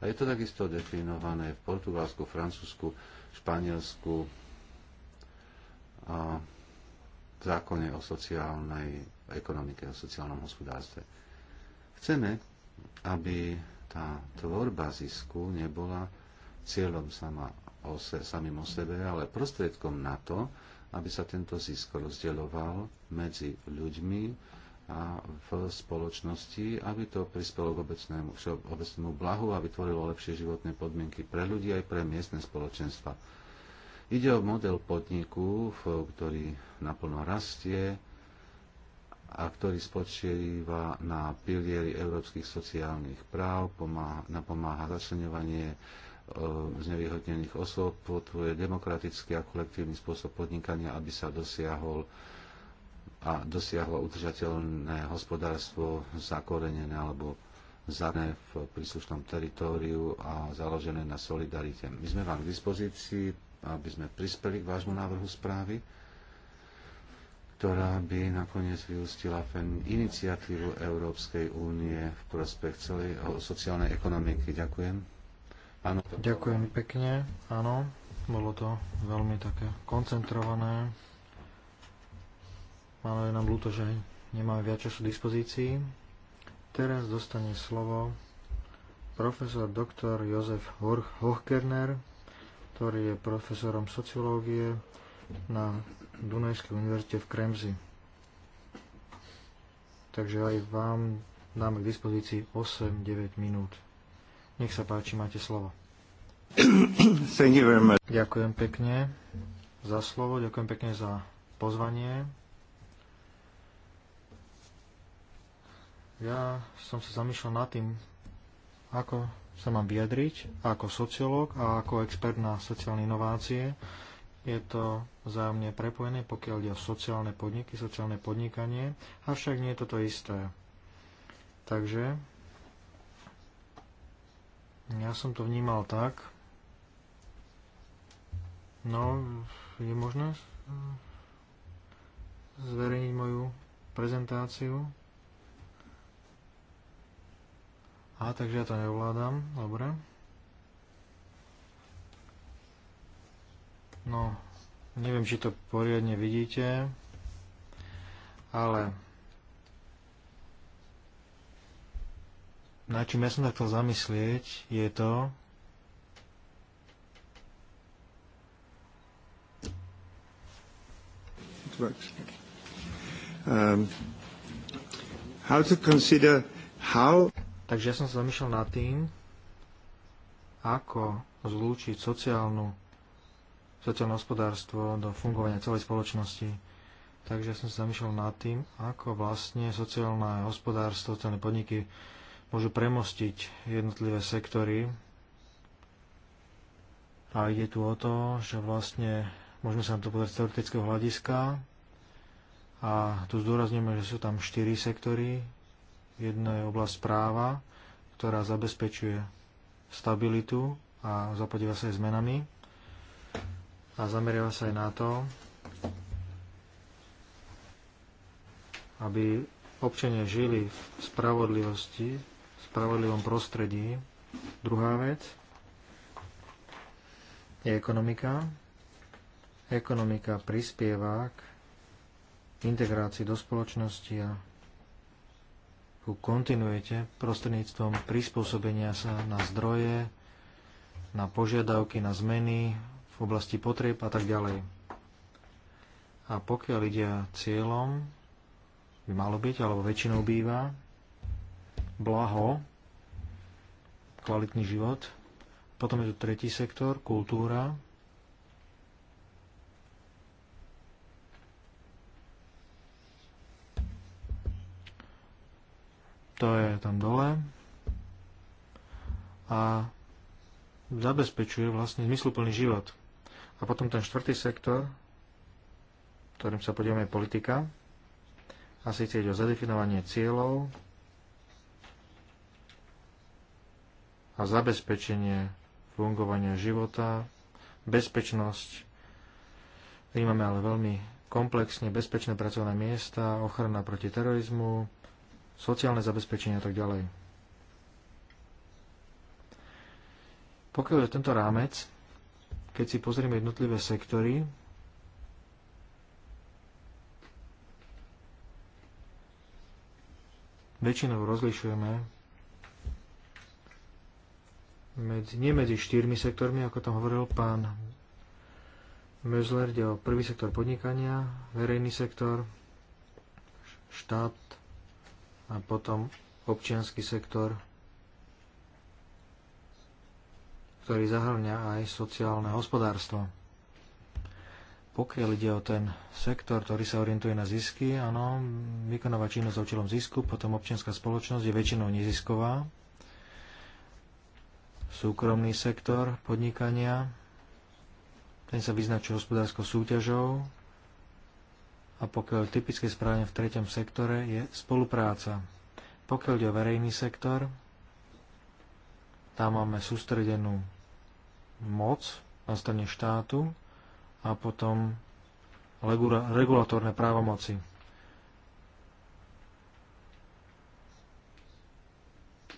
A je to takisto definované v Portugalsku, Francúzsku, Španielsku a v zákone o sociálnej ekonomike, o sociálnom hospodárstve. Chceme, aby tá tvorba zisku nebola cieľom sama o se, samým o sebe, ale prostriedkom na to, aby sa tento zisk rozdeľoval medzi ľuďmi a v spoločnosti, aby to prispelo k obecnému, obecnému blahu a vytvorilo lepšie životné podmienky pre ľudí aj pre miestne spoločenstva. Ide o model podniku, ktorý naplno rastie a ktorý spočíva na pilieri európskych sociálnych práv, pomáha, napomáha začlenovanie E, znevýhodnených osôb, potvoje demokratický a kolektívny spôsob podnikania, aby sa dosiahol a dosiahlo udržateľné hospodárstvo zakorenené alebo zané v príslušnom teritóriu a založené na solidarite. My sme vám k dispozícii, aby sme prispeli k vášmu návrhu správy, ktorá by nakoniec vyústila v iniciatívu Európskej únie v prospech celej sociálnej ekonomiky. Ďakujem. Áno. To... Ďakujem pekne, áno. Bolo to veľmi také koncentrované. máme je nám ľúto, že nemáme viac času dispozícii. Teraz dostane slovo profesor doktor Jozef Hochkerner, ktorý je profesorom sociológie na Dunajskej univerzite v Kremzi. Takže aj vám dáme k dispozícii 8-9 minút. Nech sa páči, máte slovo. Ďakujem pekne za slovo, ďakujem pekne za pozvanie. Ja som sa zamýšľal nad tým, ako sa mám vyjadriť ako sociológ a ako expert na sociálne inovácie. Je to vzájomne prepojené, pokiaľ ide o sociálne podniky, sociálne podnikanie, avšak nie je toto isté. Takže ja som to vnímal tak. No, je možné zverejniť moju prezentáciu. A takže ja to neovládam, dobre. No, neviem, či to poriadne vidíte, ale na čím ja som chcel zamyslieť, je to, Um, how to consider how... Takže ja som sa zamýšľal nad tým, ako zlúčiť sociálnu, sociálne hospodárstvo do fungovania celej spoločnosti. Takže ja som sa zamýšľal nad tým, ako vlastne sociálne hospodárstvo, sociálne podniky môžu premostiť jednotlivé sektory. A ide tu o to, že vlastne môžeme sa na to pozrieť z teoretického hľadiska. A tu zdôrazňujeme, že sú tam štyri sektory. Jedna je oblasť práva, ktorá zabezpečuje stabilitu a zapodíva sa aj zmenami. A zameriava sa aj na to, aby občania žili v spravodlivosti, spravodlivom prostredí. Druhá vec je ekonomika. Ekonomika prispieva k integrácii do spoločnosti a ku kontinuite prostredníctvom prispôsobenia sa na zdroje, na požiadavky, na zmeny v oblasti potrieb a tak ďalej. A pokiaľ ide cieľom, by malo byť, alebo väčšinou býva, blaho, kvalitný život. Potom je tu tretí sektor, kultúra. To je tam dole. A zabezpečuje vlastne zmysluplný život. A potom ten štvrtý sektor, ktorým sa podívame, je politika. A síce ide o zadefinovanie cieľov, a zabezpečenie fungovania života, bezpečnosť. máme ale veľmi komplexne bezpečné pracovné miesta, ochrana proti terorizmu, sociálne zabezpečenie a tak ďalej. Pokiaľ je tento rámec, keď si pozrieme jednotlivé sektory, väčšinou rozlišujeme medzi, nie medzi štyrmi sektormi, ako tam hovoril pán Mözler, ide o prvý sektor podnikania, verejný sektor, štát a potom občianský sektor, ktorý zahrňa aj sociálne hospodárstvo. Pokiaľ ide o ten sektor, ktorý sa orientuje na zisky, áno, vykonáva činnosť za účelom zisku, potom občianská spoločnosť je väčšinou nezisková, súkromný sektor podnikania. Ten sa vyznačuje hospodárskou súťažou a pokiaľ typické správne v treťom sektore je spolupráca. Pokiaľ ide o verejný sektor, tam máme sústredenú moc na strane štátu a potom regulatórne právomoci.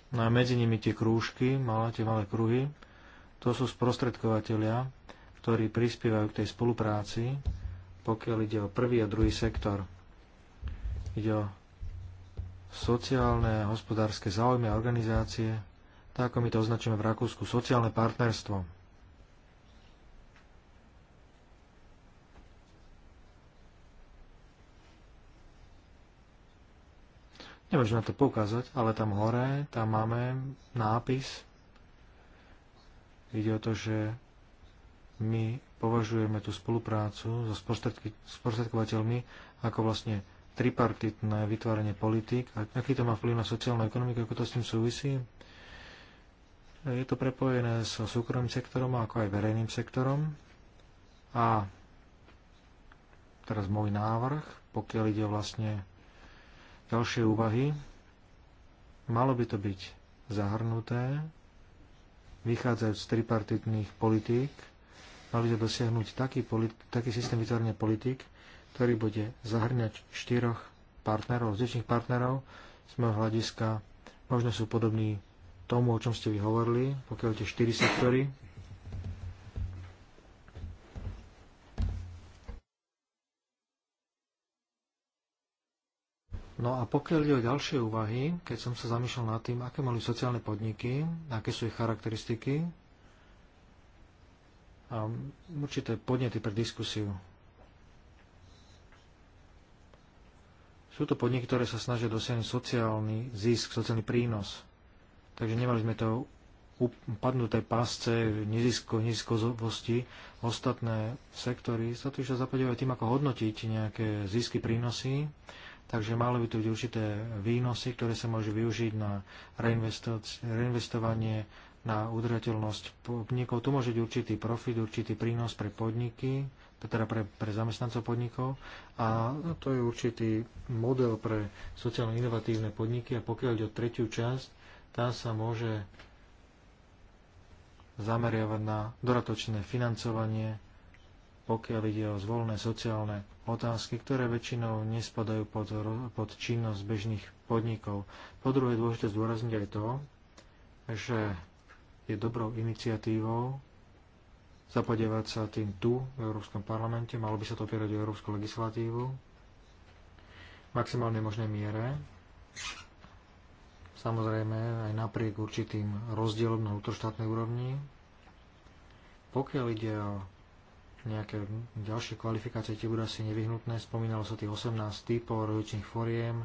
No a medzi nimi tie krúžky, malé, tie malé kruhy, to sú sprostredkovateľia, ktorí prispievajú k tej spolupráci, pokiaľ ide o prvý a druhý sektor. Ide o sociálne a hospodárske záujmy a organizácie, tak ako my to označujeme v Rakúsku, sociálne partnerstvo. Nemôžem na to poukázať, ale tam hore, tam máme nápis. Ide o to, že my považujeme tú spoluprácu so sprostredkovateľmi ako vlastne tripartitné vytváranie politik. A aký to má vplyv na sociálnu ekonomiku, ako to s tým súvisí? Je to prepojené so súkromným sektorom ako aj verejným sektorom. A teraz môj návrh, pokiaľ ide vlastne ďalšie úvahy. Malo by to byť zahrnuté, vychádzajúc z tripartitných politík, mali by dosiahnuť taký, taký systém vytvorenia politík, ktorý bude zahrňať štyroch partnerov, dnešných partnerov z môjho hľadiska. Možno sú podobní tomu, o čom ste vy hovorili, pokiaľ tie štyri sektory, No a pokiaľ ide o ďalšie úvahy, keď som sa zamýšľal nad tým, aké mali sociálne podniky, aké sú ich charakteristiky a určité podnety pre diskusiu. Sú to podniky, ktoré sa snažia dosiahnuť sociálny zisk, sociálny prínos. Takže nemali sme to upadnuté pásce nezisko, neziskovosti. Ostatné sektory sa tu ešte zapadajú aj tým, ako hodnotiť nejaké zisky, prínosy takže malo by tu byť určité výnosy, ktoré sa môžu využiť na reinvestovanie, na udržateľnosť podnikov. Tu môže byť určitý profit, určitý prínos pre podniky, teda pre, pre zamestnancov podnikov a to je určitý model pre sociálne inovatívne podniky a pokiaľ ide o tretiu časť, tá sa môže zameriavať na doratočné financovanie pokiaľ ide o zvolné sociálne otázky, ktoré väčšinou nespadajú pod, pod činnosť bežných podnikov. Po druhé, je dôležité zdôrazniť aj to, že je dobrou iniciatívou zapodievať sa tým tu, v Európskom parlamente, malo by sa to opierať o európsku legislatívu v maximálnej možnej miere. Samozrejme, aj napriek určitým rozdielom na útroštátnej úrovni. Pokiaľ ide o nejaké ďalšie kvalifikácie tie budú asi nevyhnutné. Spomínalo sa tých 18 typov rozličných foriem,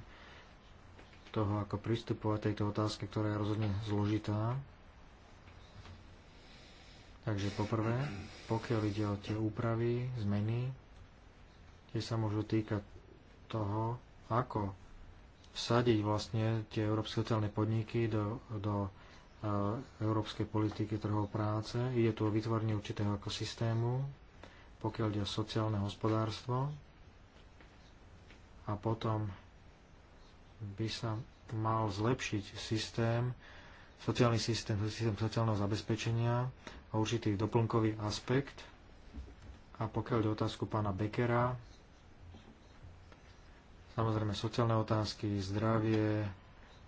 toho, ako pristupovať tejto otázke, ktorá je rozhodne zložitá. Takže poprvé, pokiaľ ide o tie úpravy, zmeny, tie sa môžu týkať toho, ako vsadiť vlastne tie európske sociálne podniky do, do e, európskej politiky trhov práce. Ide tu o vytvorenie určitého ako systému, pokiaľ ide o sociálne hospodárstvo. A potom by sa mal zlepšiť systém, sociálny systém, systém sociálneho zabezpečenia a určitý doplnkový aspekt. A pokiaľ ide otázku pána Bekera, samozrejme sociálne otázky, zdravie,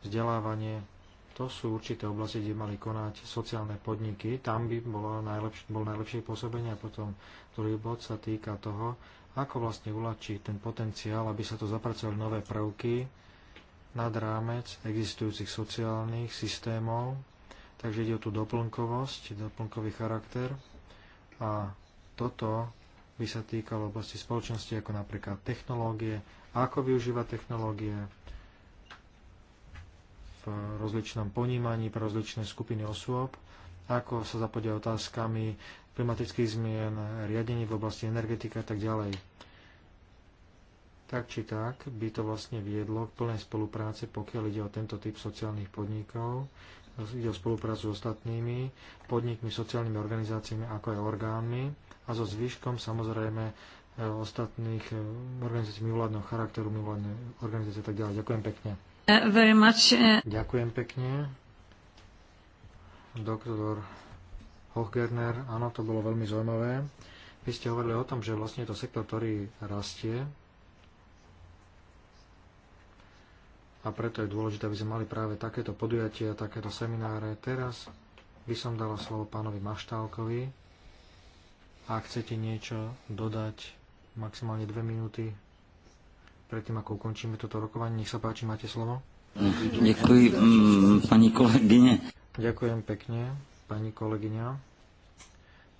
vzdelávanie, to sú určité oblasti, kde mali konať sociálne podniky. Tam by bolo najlepšie, bol najlepšie pôsobenie a potom druhý bod sa týka toho, ako vlastne uľačiť ten potenciál, aby sa to zapracovali nové prvky nad rámec existujúcich sociálnych systémov. Takže ide o tú doplnkovosť, doplnkový charakter. A toto by sa týkalo oblasti spoločnosti, ako napríklad technológie, ako využívať technológie, v rozličnom ponímaní pre rozličné skupiny osôb, ako sa zapodia otázkami klimatických zmien, riadení v oblasti energetiky a tak ďalej. Tak či tak by to vlastne viedlo k plnej spolupráce, pokiaľ ide o tento typ sociálnych podnikov, ide o spoluprácu s ostatnými podnikmi, sociálnymi organizáciami, ako aj orgánmi a so zvyškom samozrejme e, ostatných e, organizácií mimovládneho charakteru, mimovládne organizácie a tak ďalej. Ďakujem pekne. Uh, very much. Uh, Ďakujem pekne. Doktor Hochgerner, áno, to bolo veľmi zaujímavé. Vy ste hovorili o tom, že vlastne je to sektor, ktorý rastie a preto je dôležité, aby sme mali práve takéto podujatia, takéto semináre. Teraz by som dala slovo pánovi Maštálkovi. Ak chcete niečo dodať, maximálne dve minúty, predtým ako ukončíme toto rokovanie. Nech sa páči, máte slovo. Ďakujem, mm, pani kolegyne. Ďakujem pekne, pani kolegyňa.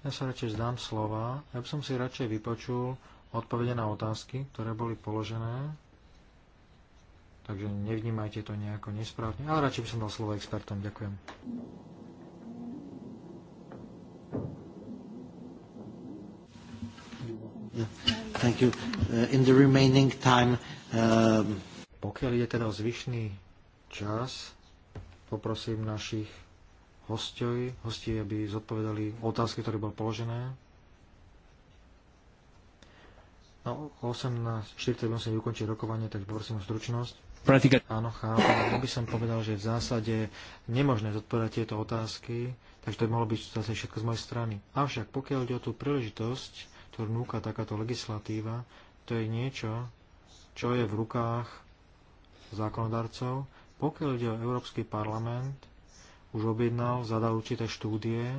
Ja sa radšej zdám slova. Ja by som si radšej vypočul odpovede na otázky, ktoré boli položené. Takže nevnímajte to nejako nesprávne. Ale radšej by som dal slovo expertom. Ďakujem. Yeah. Thank you. Uh, in the remaining time... Um... Pokiaľ ide teda o zvyšný čas, poprosím našich hostoj, hostí, aby zodpovedali otázky, ktoré boli položené. No, 18.40 musím ukončiť rokovanie, tak poprosím o stručnosť. Pratika. Áno, chápem. Ja by som povedal, že v zásade nemožné zodpovedať tieto otázky, takže to by mohlo byť zase všetko z mojej strany. Avšak pokiaľ ide o tú príležitosť, ktorú núka takáto legislatíva, to je niečo, čo je v rukách zákonodarcov. Pokiaľ ide o Európsky parlament, už objednal, zadal určité štúdie,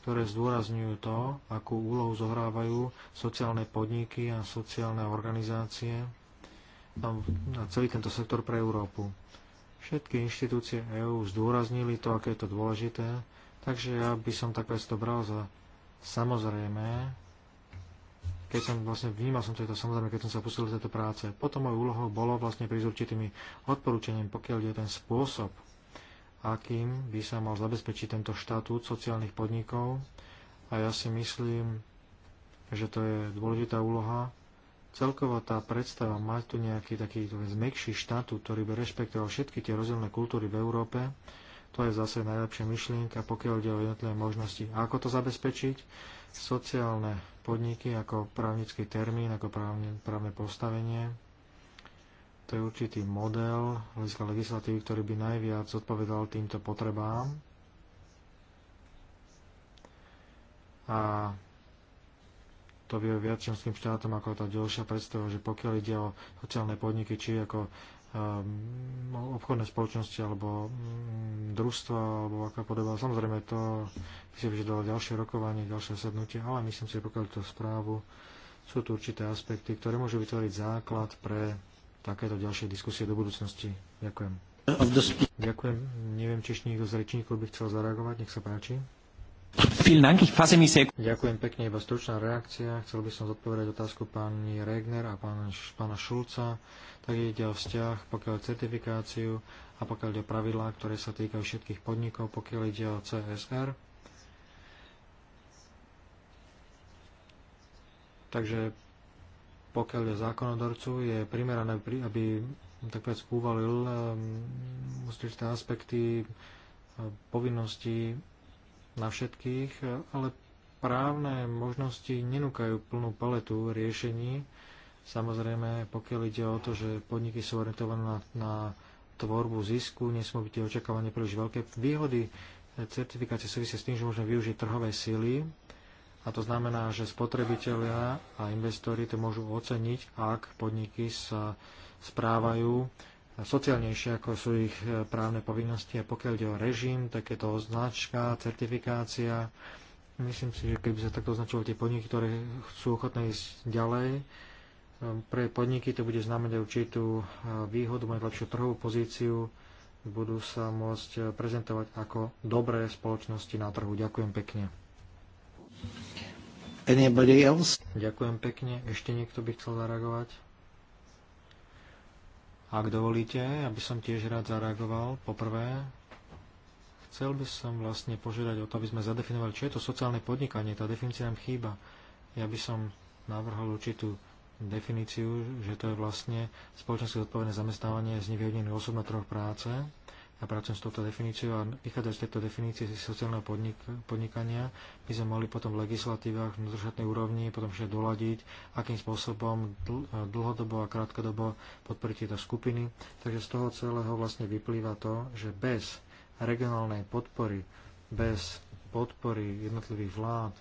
ktoré zdôrazňujú to, akú úlohu zohrávajú sociálne podniky a sociálne organizácie a celý tento sektor pre Európu. Všetky inštitúcie EÚ zdôraznili to, aké je to dôležité, takže ja by som také bral za samozrejme, keď som vlastne vnímal som to, samozrejme, keď som sa pustil do tejto práce. Potom mojou úlohou bolo vlastne prísť určitými odporúčaním, pokiaľ je ten spôsob, akým by sa mal zabezpečiť tento štatút sociálnych podnikov. A ja si myslím, že to je dôležitá úloha. Celkovo tá predstava mať tu nejaký taký zmekší štatút, ktorý by rešpektoval všetky tie rozdielne kultúry v Európe, to je zase najlepšia myšlienka, pokiaľ ide o jednotlivé možnosti. ako to zabezpečiť? Sociálne podniky ako právnický termín, ako právne, právne postavenie. To je určitý model hľadiska legislatívy, ktorý by najviac odpovedal týmto potrebám. A to vie viac členským štátom ako tá ďalšia predstava, že pokiaľ ide o sociálne podniky, či ako Ehm, obchodné spoločnosti alebo mm, družstva alebo aká podoba. Samozrejme to by si vyžadovalo ďalšie rokovanie, ďalšie sednutie, ale myslím si, že pokiaľ túto správu sú tu určité aspekty, ktoré môžu vytvoriť základ pre takéto ďalšie diskusie do budúcnosti. Ďakujem. Ďakujem. Neviem, či ešte niekto z rečníkov by chcel zareagovať. Nech sa páči. Ďakujem pekne, iba stručná reakcia. Chcel by som zodpovedať otázku pani Regner a pána, pána Šulca. Tak ide o vzťah, pokiaľ o certifikáciu a pokiaľ ide o pravidlá, ktoré sa týkajú všetkých podnikov, pokiaľ ide o CSR. Takže pokiaľ je zákonodorcu, je primerané, aby tak povedať, uvalil um, aspekty ehm, povinnosti na všetkých, ale právne možnosti nenúkajú plnú paletu riešení. Samozrejme, pokiaľ ide o to, že podniky sú orientované na, na tvorbu zisku, nesmú byť očakávané príliš veľké. Výhody certifikácie súvisia s tým, že môžeme využiť trhové sily a to znamená, že spotrebitelia a investori to môžu oceniť, ak podniky sa správajú sociálnejšie, ako sú ich e, právne povinnosti. A pokiaľ ide o režim, tak je to značka, certifikácia. Myslím si, že keby sa takto označovali tie podniky, ktoré sú ochotné ísť ďalej, e, pre podniky to bude znamenať určitú e, výhodu, mať lepšiu trhovú pozíciu, budú sa môcť prezentovať ako dobré spoločnosti na trhu. Ďakujem pekne. Ďakujem pekne. Ešte niekto by chcel zareagovať? Ak dovolíte, aby som tiež rád zareagoval. Poprvé, chcel by som vlastne požiadať o to, aby sme zadefinovali, čo je to sociálne podnikanie. Tá definícia nám chýba. Ja by som navrhol určitú definíciu, že to je vlastne spoločenské zodpovedné zamestnávanie z nevyhodnených osob na trhoch práce. A pracujem s touto definíciou a vychádzať z tejto definície sociálneho podnik- podnikania by sme mohli potom v legislatívach v vnútroštátnej úrovni potom všetko doladiť, akým spôsobom dl- dlhodobo a krátkodobo podporiť tieto skupiny. Takže z toho celého vlastne vyplýva to, že bez regionálnej podpory, bez podpory jednotlivých vlád,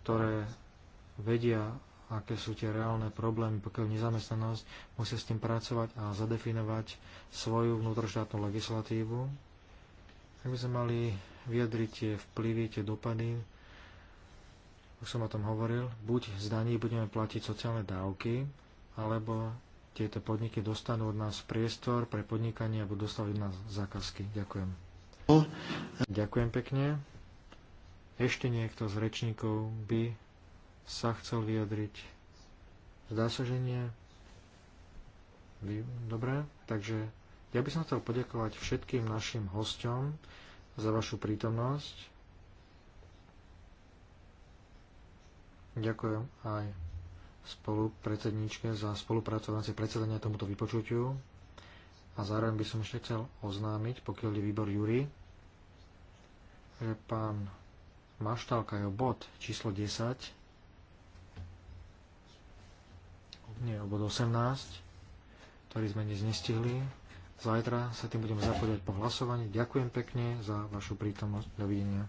ktoré vedia aké sú tie reálne problémy, pokiaľ nezamestnanosť, musia s tým pracovať a zadefinovať svoju vnútroštátnu legislatívu. Ak by sme mali vyjadriť tie vplyvy, tie dopady, už som o tom hovoril, buď z daní budeme platiť sociálne dávky, alebo tieto podniky dostanú od nás priestor pre podnikanie a budú dostávať od nás zákazky. Ďakujem. No. Ďakujem pekne. Ešte niekto z rečníkov by sa chcel vyjadriť? Zdá sa, že nie. Dobre, takže ja by som chcel poďakovať všetkým našim hosťom za vašu prítomnosť. Ďakujem aj spolupredsedničke za spolupracovanie predsedania tomuto vypočutiu. A zároveň by som ešte chcel oznámiť, pokiaľ je výbor Júri, že pán Maštálka je bod číslo 10 nie, bod 18, ktorý sme dnes nestihli. Zajtra sa tým budeme zapodiať po hlasovaní. Ďakujem pekne za vašu prítomnosť. Dovidenia.